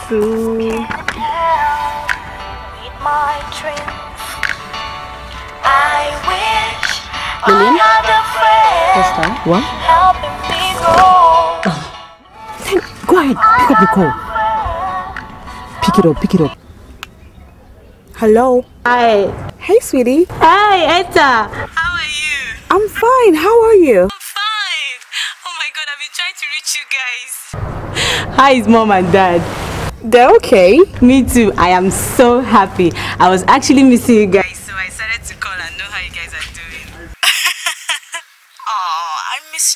Two. Really? This time? What? Oh. Thank, go ahead, pick up the call. Pick it up, pick it up. Hello? Hi. Hey, sweetie. Hi, Etta. How are you? I'm fine. How are you? I'm fine. Oh my god, I've been trying to reach you guys. Hi, is mom and dad? They're okay. Me too. I am so happy. I was actually missing you guys.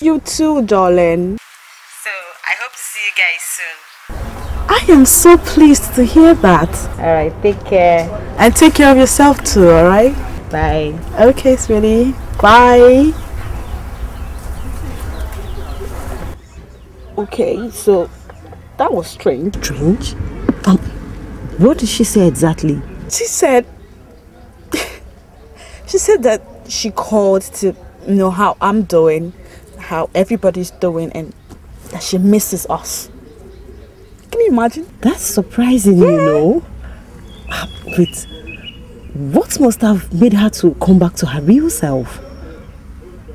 you too, darling. So, I hope to see you guys soon. I am so pleased to hear that. Alright, take care. And take care of yourself too, alright? Bye. Okay, sweetie. Bye. Okay, so that was strange. Strange? Um, what did she say exactly? She said... she said that she called to know how I'm doing how everybody's doing and that she misses us. Can you imagine? That's surprising, yeah. you know. Wait, what must have made her to come back to her real self?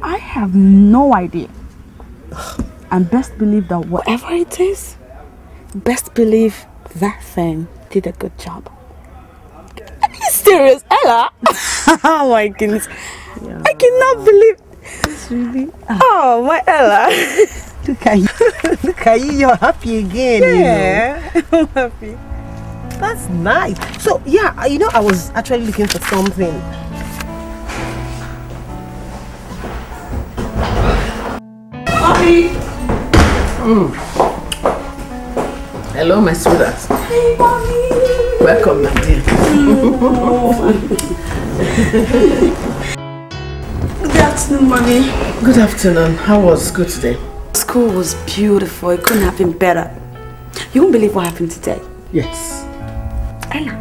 I have no idea. and best believe that whatever it is, best believe that thing did a good job. Are you serious, Ella? oh my goodness. Yeah. I cannot believe it's really. Ah. Oh, my Ella. Look at you. Look at you. You're happy again. Yeah, you know. I'm happy. That's nice. So, yeah, you know, I was actually looking for something. Poppy! Mm. Hello, my sweetheart. Hey, mommy! Welcome, my dear. Mm. Good afternoon, mommy. Good afternoon. How was school today? School was beautiful. It couldn't have been better. You won't believe what happened today. Yes. Ella.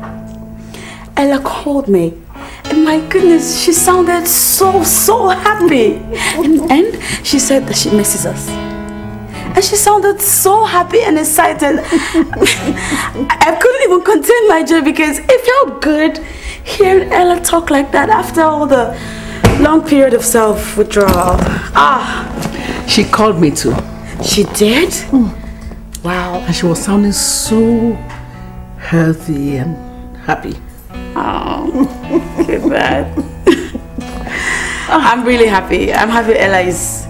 Ella called me. And my goodness, she sounded so, so happy. and, and she said that she misses us. And she sounded so happy and excited. I couldn't even contain my joy because it felt good hearing Ella talk like that after all the Long period of self-withdrawal. Ah! She called me too. She did? Mm. Wow. And she was sounding so healthy and happy. Oh, look at that. I'm really happy. I'm happy Ella is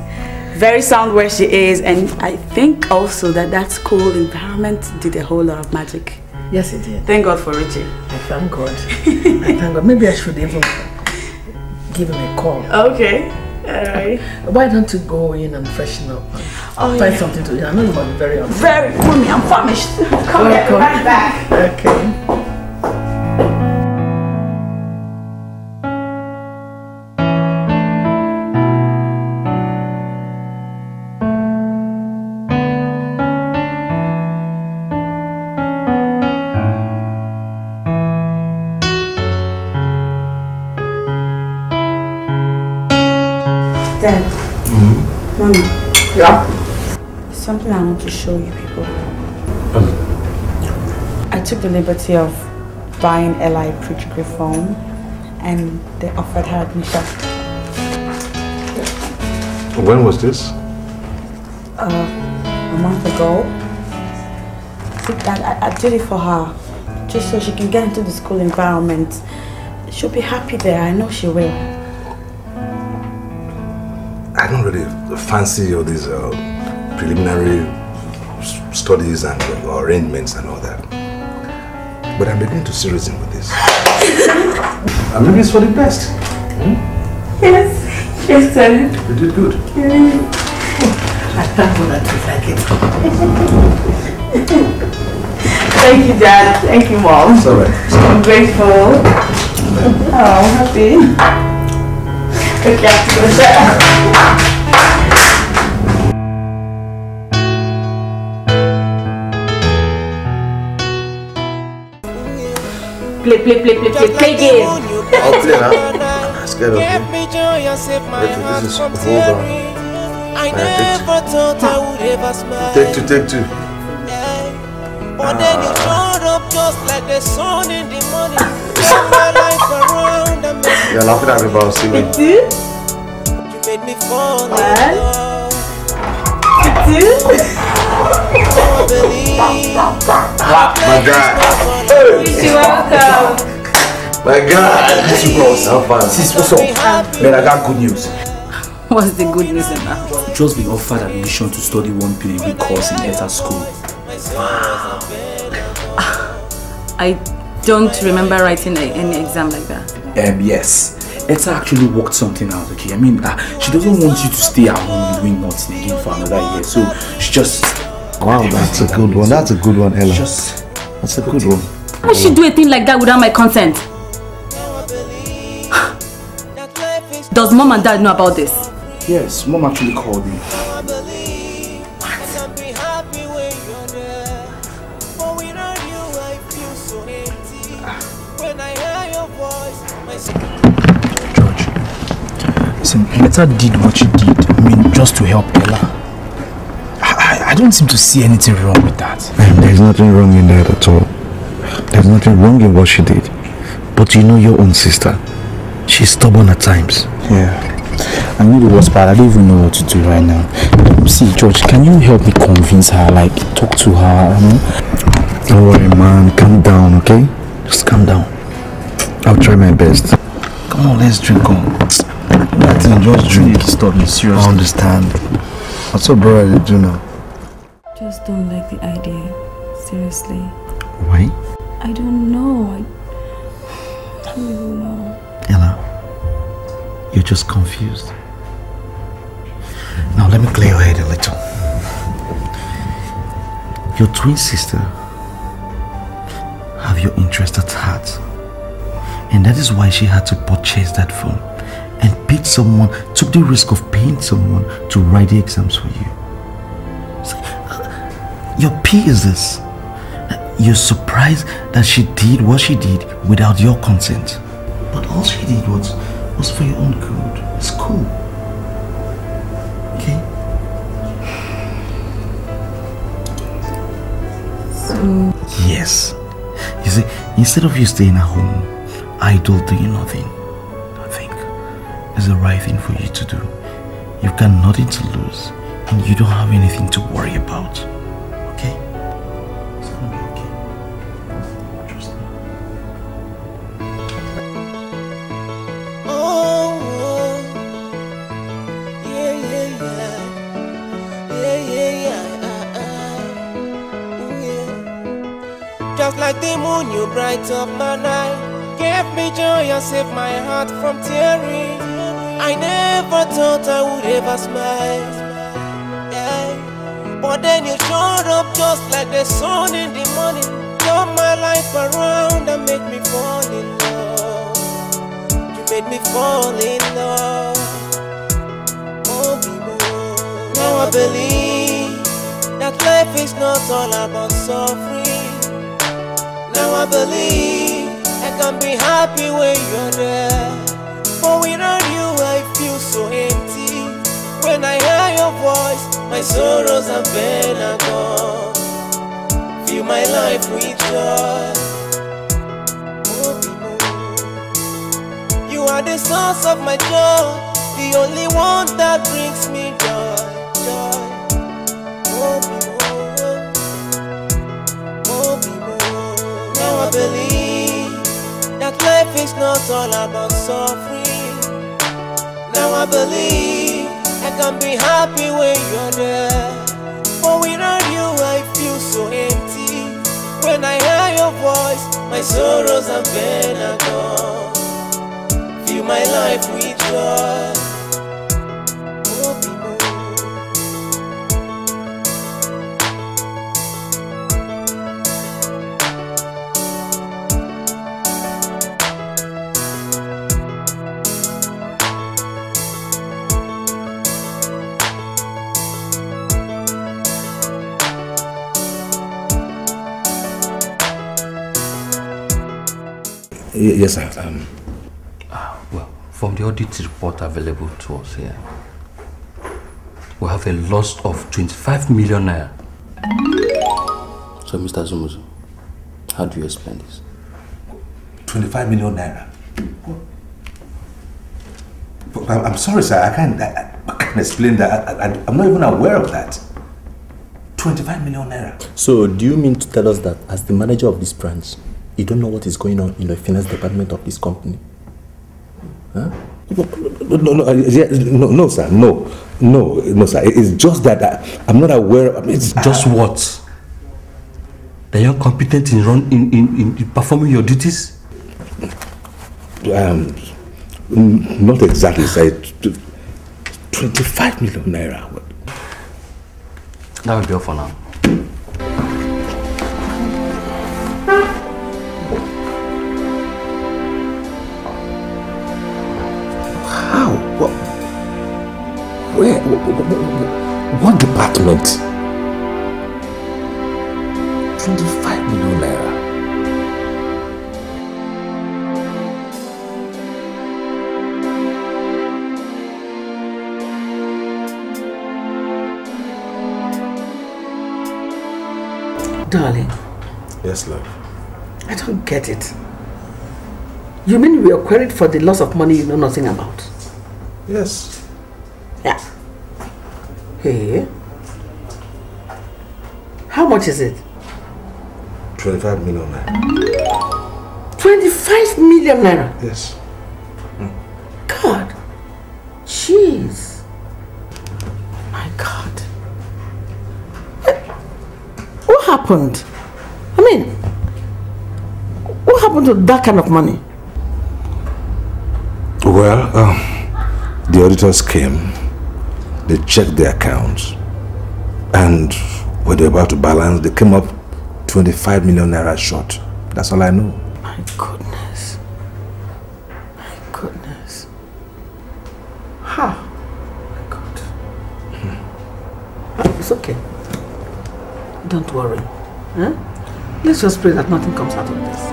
very sound where she is and I think also that that school environment did a whole lot of magic. Yes, it did. Thank God for Richie. I thank God. I thank God. Maybe I should even give him a call. Okay. Alright. Why don't you go in and freshen up? And oh, find yeah. something to eat. I know you must be very hungry. Very, mommy, I'm famished. Come here, right back. Okay. to show you people. Um. I took the liberty of buying Eli Prichker foam and they offered her admission. When was this? Uh, a month ago. I, I did it for her, just so she can get into the school environment. She'll be happy there, I know she will. I don't really fancy all these uh, preliminary studies and arrangements and all that. But I'm beginning to see reason with this. and maybe it's for the best. Hmm? Yes, yes, sir. You did good. Mm. I thought that you like it. Thank you, Dad. Thank you, Mom. It's all right. I'm grateful. Oh, I'm happy. Okay, I have go play, play, play, play, play, play game. I'll play now. I'm scared of you. This is hold on. I never thought I would ever smile. Take two, take two. But then you showed up just like the sun in the morning. You're laughing at me, but I'll see me. You made me fall in love. My God. You're welcome. My God, this you brought far. Sis, what's up? Man, I got good news. What's the good news about? Just been offered admission to study one PhD course in ETA school. Wow. I don't remember writing any exam like that. Um, yes. ETA actually worked something out, okay? I mean, uh, she doesn't want you to stay at home doing nothing again for another year, so she just Wow, that's a good one. That's a good one, Ella. that's a good one. How would she do a thing like that without my consent? Does mom and dad know about this? Yes, mom actually called me. George, listen, Letta did what she did, I mean, just to help Ella don't seem to see anything wrong with that. There's nothing wrong in that at all. There's nothing wrong in what she did. But you know your own sister. She's stubborn at times. Yeah. I know it was bad. I don't even know what to do right now. Um, see, George, can you help me convince her? Like, talk to her, you know? Don't worry, man. Calm down, okay? Just calm down. I'll try my best. Come on, let's drink on. Oh. Nothing, just drink. Stop me, seriously. I understand. What's your brother do now? just don't like the idea. Seriously. Why? I don't know. I don't even know. Ella, you're just confused. Now let me clear your head a little. Your twin sister have your interest at heart. And that is why she had to purchase that phone and paid someone, took the risk of paying someone to write the exams for you. Your pee is this. You're surprised that she did what she did without your consent. But all she did was, was for your own good. It's cool. Okay? So... Yes. You see, instead of you staying at home, idle doing nothing, I think is the right thing for you to do. You've got nothing to lose and you don't have anything to worry about. bright of my night. Gave me joy and saved my heart from tearing. I never thought I would ever smile. Yeah. But then you showed up just like the sun in the morning. turned my life around and made me fall in love. You made me fall in love. Oh, Now I believe that life is not all about suffering now I believe I can be happy when you're there. For without you, I feel so empty. When I hear your voice, my sorrows are been are gone. Fill my life with joy. You are the source of my joy, the only one that brings me joy. I believe that life is not all about suffering. Now I believe I can be happy when you're there. But without you, I feel so empty. When I hear your voice, my sorrows are been gone. Fill my life with joy. Yes, sir. Um, uh, ah, well, from the audit report available to us here, we have a loss of 25 million naira. So, Mr. Zumuzu, how do you explain this? 25 million naira? I'm sorry, sir. I can't, I, I can't explain that. I, I, I'm not even aware of that. 25 million naira. So, do you mean to tell us that as the manager of this branch, you don't know what is going on in the finance department of this company. Huh? No, no, no, no, no, sir, no, no, no, sir. It's just that I, am not aware. Of, it's just ah. what that you're competent in, run, in, in, in performing your duties. Um, not exactly, sir. Twenty-five million naira. That will be all for now. where, what department? 25 million naira. Darling. Yes, love. I don't get it. You mean we are queried for the loss of money you know nothing about? Yes. Yeah. Hey. How much is it? 25 million naira. 25 million naira? Yes. Hmm. God. Jeez. My God. Eh, what happened? I mean, what happened to that kind of money? Well, um, the auditors came they checked their accounts. And when they were about to balance, they came up 25 million naira short. That's all I know. My goodness. My goodness. Ha! Huh. My God. Hmm. It's okay. Don't worry. Huh? Let's just pray that nothing comes out of this.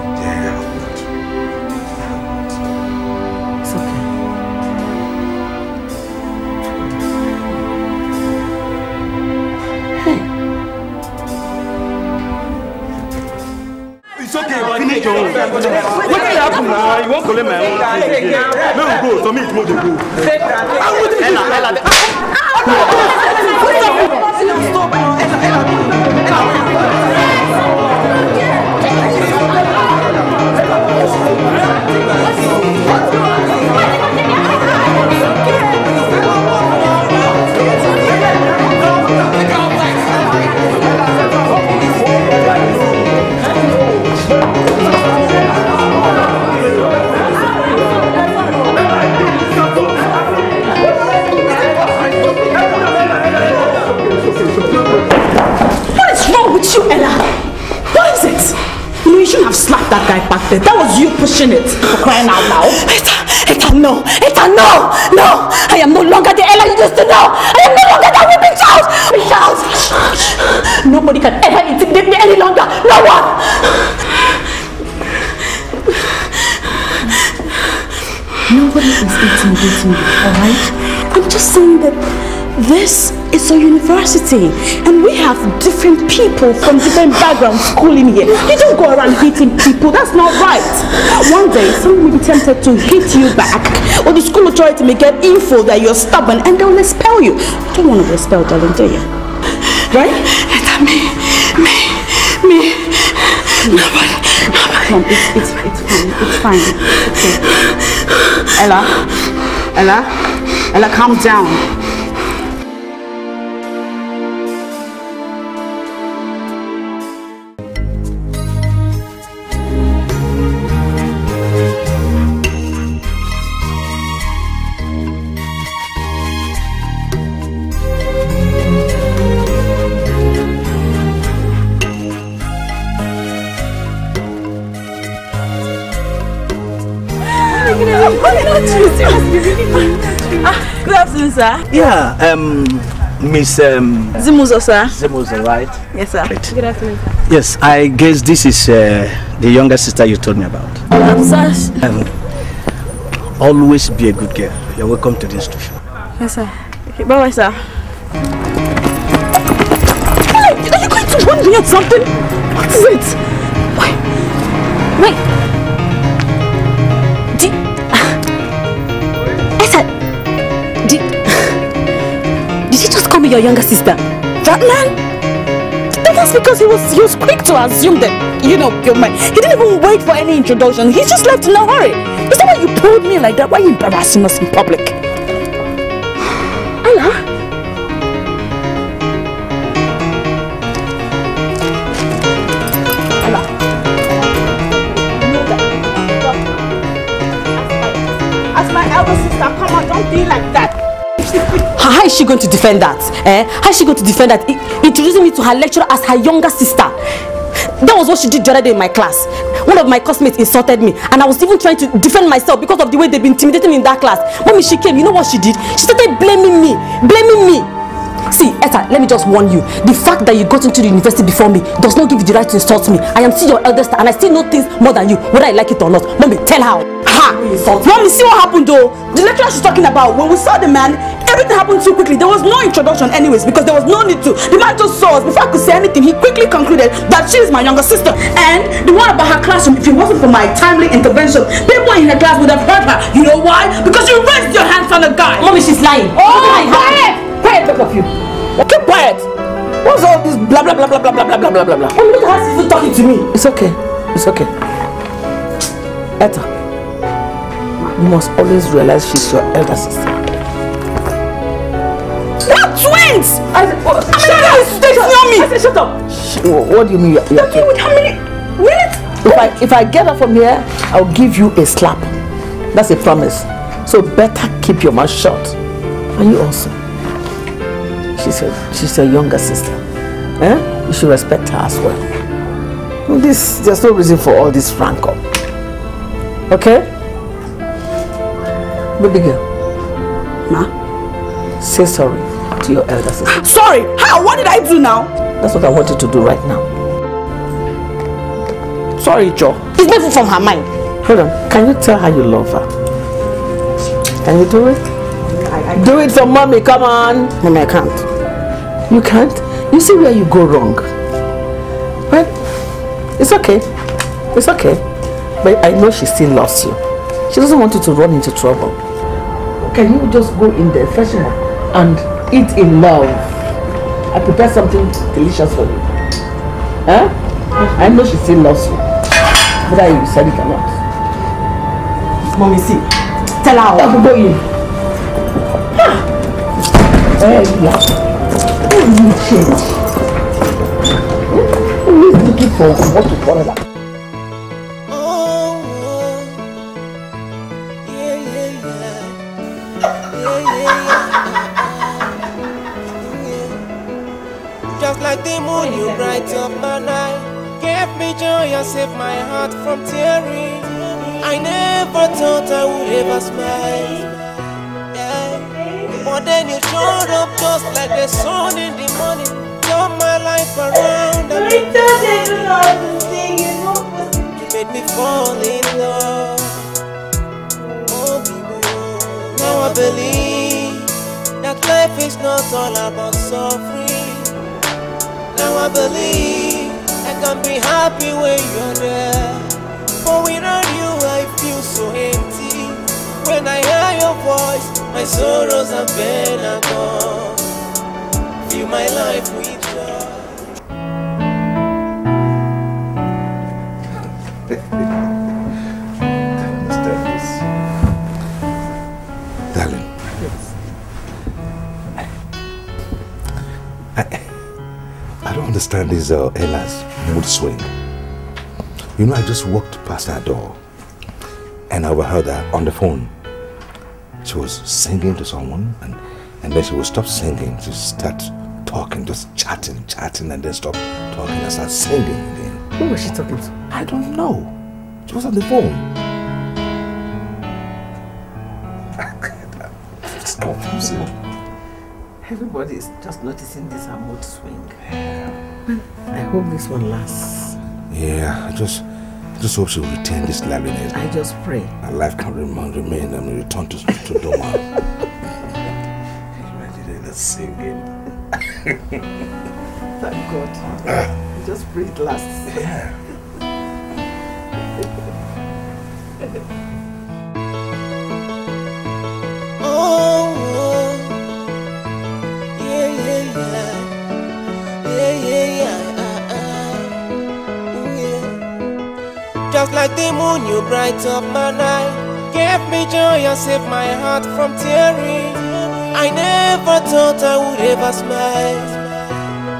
Wetin happen na you wan collect my own thing again. Make we go, some meat no dey go. Ah, wetin you do? Ella, Ella, stop! Ella, Ella, Ella. have slapped that guy back there. That was you pushing it for crying out loud. Eta, Eta, no. Eta, no. No. I am no longer the Ella you used to know. I am no longer that weeping child. Child. Nobody can ever intimidate me any longer. No one. Nobody is intimidating me. alright? I'm just saying that this it's a university, and we have different people from different backgrounds schooling here. You don't go around hitting people. That's not right. One day, someone will be tempted to hit you back, or the school authority may get info that you're stubborn, and they'll expel you. You don't want to be expelled, darling, do you? Right? It's me, me, me. Nobody, nobody. it's, it's, it's fine. It's fine. It's okay. Ella, Ella, Ella, calm down. sir. Yeah, um, Miss um, Zimuzo, sir. Zimuzo, right? Yes, sir. Right. Good afternoon. Yes, I guess this is uh, the younger sister you told me about. Um, sir. Um, always be a good girl. You're welcome to the institution. Yes, sir. Okay, bye, bye, sir. Hey, are you going to warn me or something? What is it? Wait, wait. be your younger sister. That man? That's because he was he was quick to assume that, you know, your man. He didn't even wait for any introduction. He just left in a hurry. Is that why you pulled me like that? Why you embarrassing us in public? is she going to defend that? Eh? How is she going to defend that? introducing me to her lecturer as her younger sister. That was what she did the other day in my class. One of my classmates insulted me and I was even trying to defend myself because of the way they've been intimidating me in that class. When she came, you know what she did? She started blaming me, blaming me. See, Etta, let me just warn you. The fact that you got into the university before me does not give you the right to insult me. I am still your eldest and I still know things more than you, whether I like it or not. Mommy, tell her. Ha! Mommy, see what happened though. The lecturer she's talking about, when we saw the man, everything happened too quickly. There was no introduction, anyways, because there was no need to. The man just saw us. Before I could say anything, he quickly concluded that she is my younger sister. And the one about her classroom, if it wasn't for my timely intervention, people in her class would have heard her. You know why? Because you raised your hands on a guy. Mommy, she's lying. Oh, lying. quiet! Quiet, both of you. Keep quiet. What's all this blah blah blah blah blah blah blah blah blah blah? Mommy, what the hell talking to me? It's okay. It's okay. Etta, you must always realize she's your elder sister friends! I said, oh, shut up! That's not me! I said, shut up! What, what do you mean? You're, you're with how many minutes? If I, if I get up from here, I'll give you a slap. That's a promise. So better keep your mouth shut. Are you also. She's your, she's your younger sister. Eh? You should respect her as well. This, there's no reason for all this rancor. Okay? Baby girl. Ma? Say sorry to your elder sister. Sorry! How? What did I do now? That's what I wanted to do right now. Sorry, Joe. It's never from her mind. Hold on. Can you tell her you love her? Can you do it? I, I do it for mommy, come on! Mommy, I can't. You can't? You see where you go wrong. Well, it's okay. It's okay. But I know she still loves you. She doesn't want you to run into trouble. Can you just go in there, freshen up, and Eat in love. I prepared something delicious for you. Huh? I know she still loves you. Whether you said it or not. Mommy, see. Tell her. Tell her you. Hey, ah. eh, yeah. Who you change? Who is looking for what to follow that? just mine. Yeah. More than you showed up just like the sun in the morning. Turn my life around. it doesn't I mean, you made me fall in love. Oh, now I believe that life is not all about suffering. Now I believe I can be happy when you're there. For without you, I feel so empty. When I hear your voice, my sorrows are been gone. my life with Darling. I, I don't understand this uh, Ella's mood swing. You know, I just walked past her door and I overheard her on the phone was singing to someone and, and then she would stop singing, she start talking, just chatting, chatting, and then stop talking and start singing again. Who was she talking to? I don't know. She was on the phone. it's confusing. Everybody is just noticing this mood swing. Yeah. Well, I hope this one lasts. Yeah, I just just hope she will retain this liveliness. I just pray. My life can remain, remain and return to, to Doma. Imagine that singing. Thank God. Ah. Just breathe last. Yeah. like the moon, you bright up my night. Gave me joy and saved my heart from tearing. I never thought I would ever smile.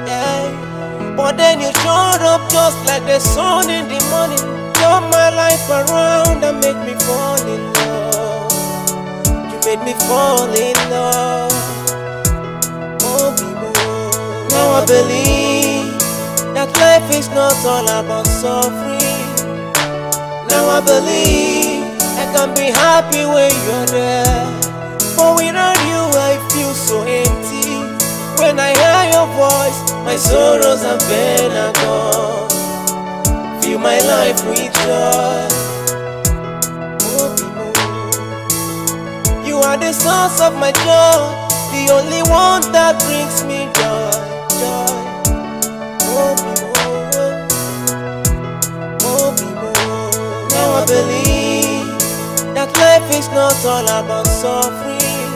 Yeah. But then you showed up just like the sun in the morning. Turn my life around and make me fall in love. You made me fall in love. Oh, people. Now I believe that life is not all about suffering. Now I believe I can be happy when you're there. For without you, I feel so empty. When I hear your voice, my sorrows are been gone. Fill my life with joy. You are the source of my joy, the only one that brings me joy. I not believe that life is not all about suffering.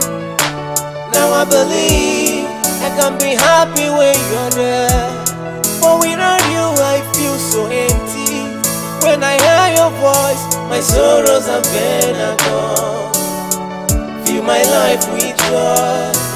Now I believe I can be happy when you're there. But without you, I feel so empty. When I hear your voice, my sorrows are been gone. Fill my life with joy.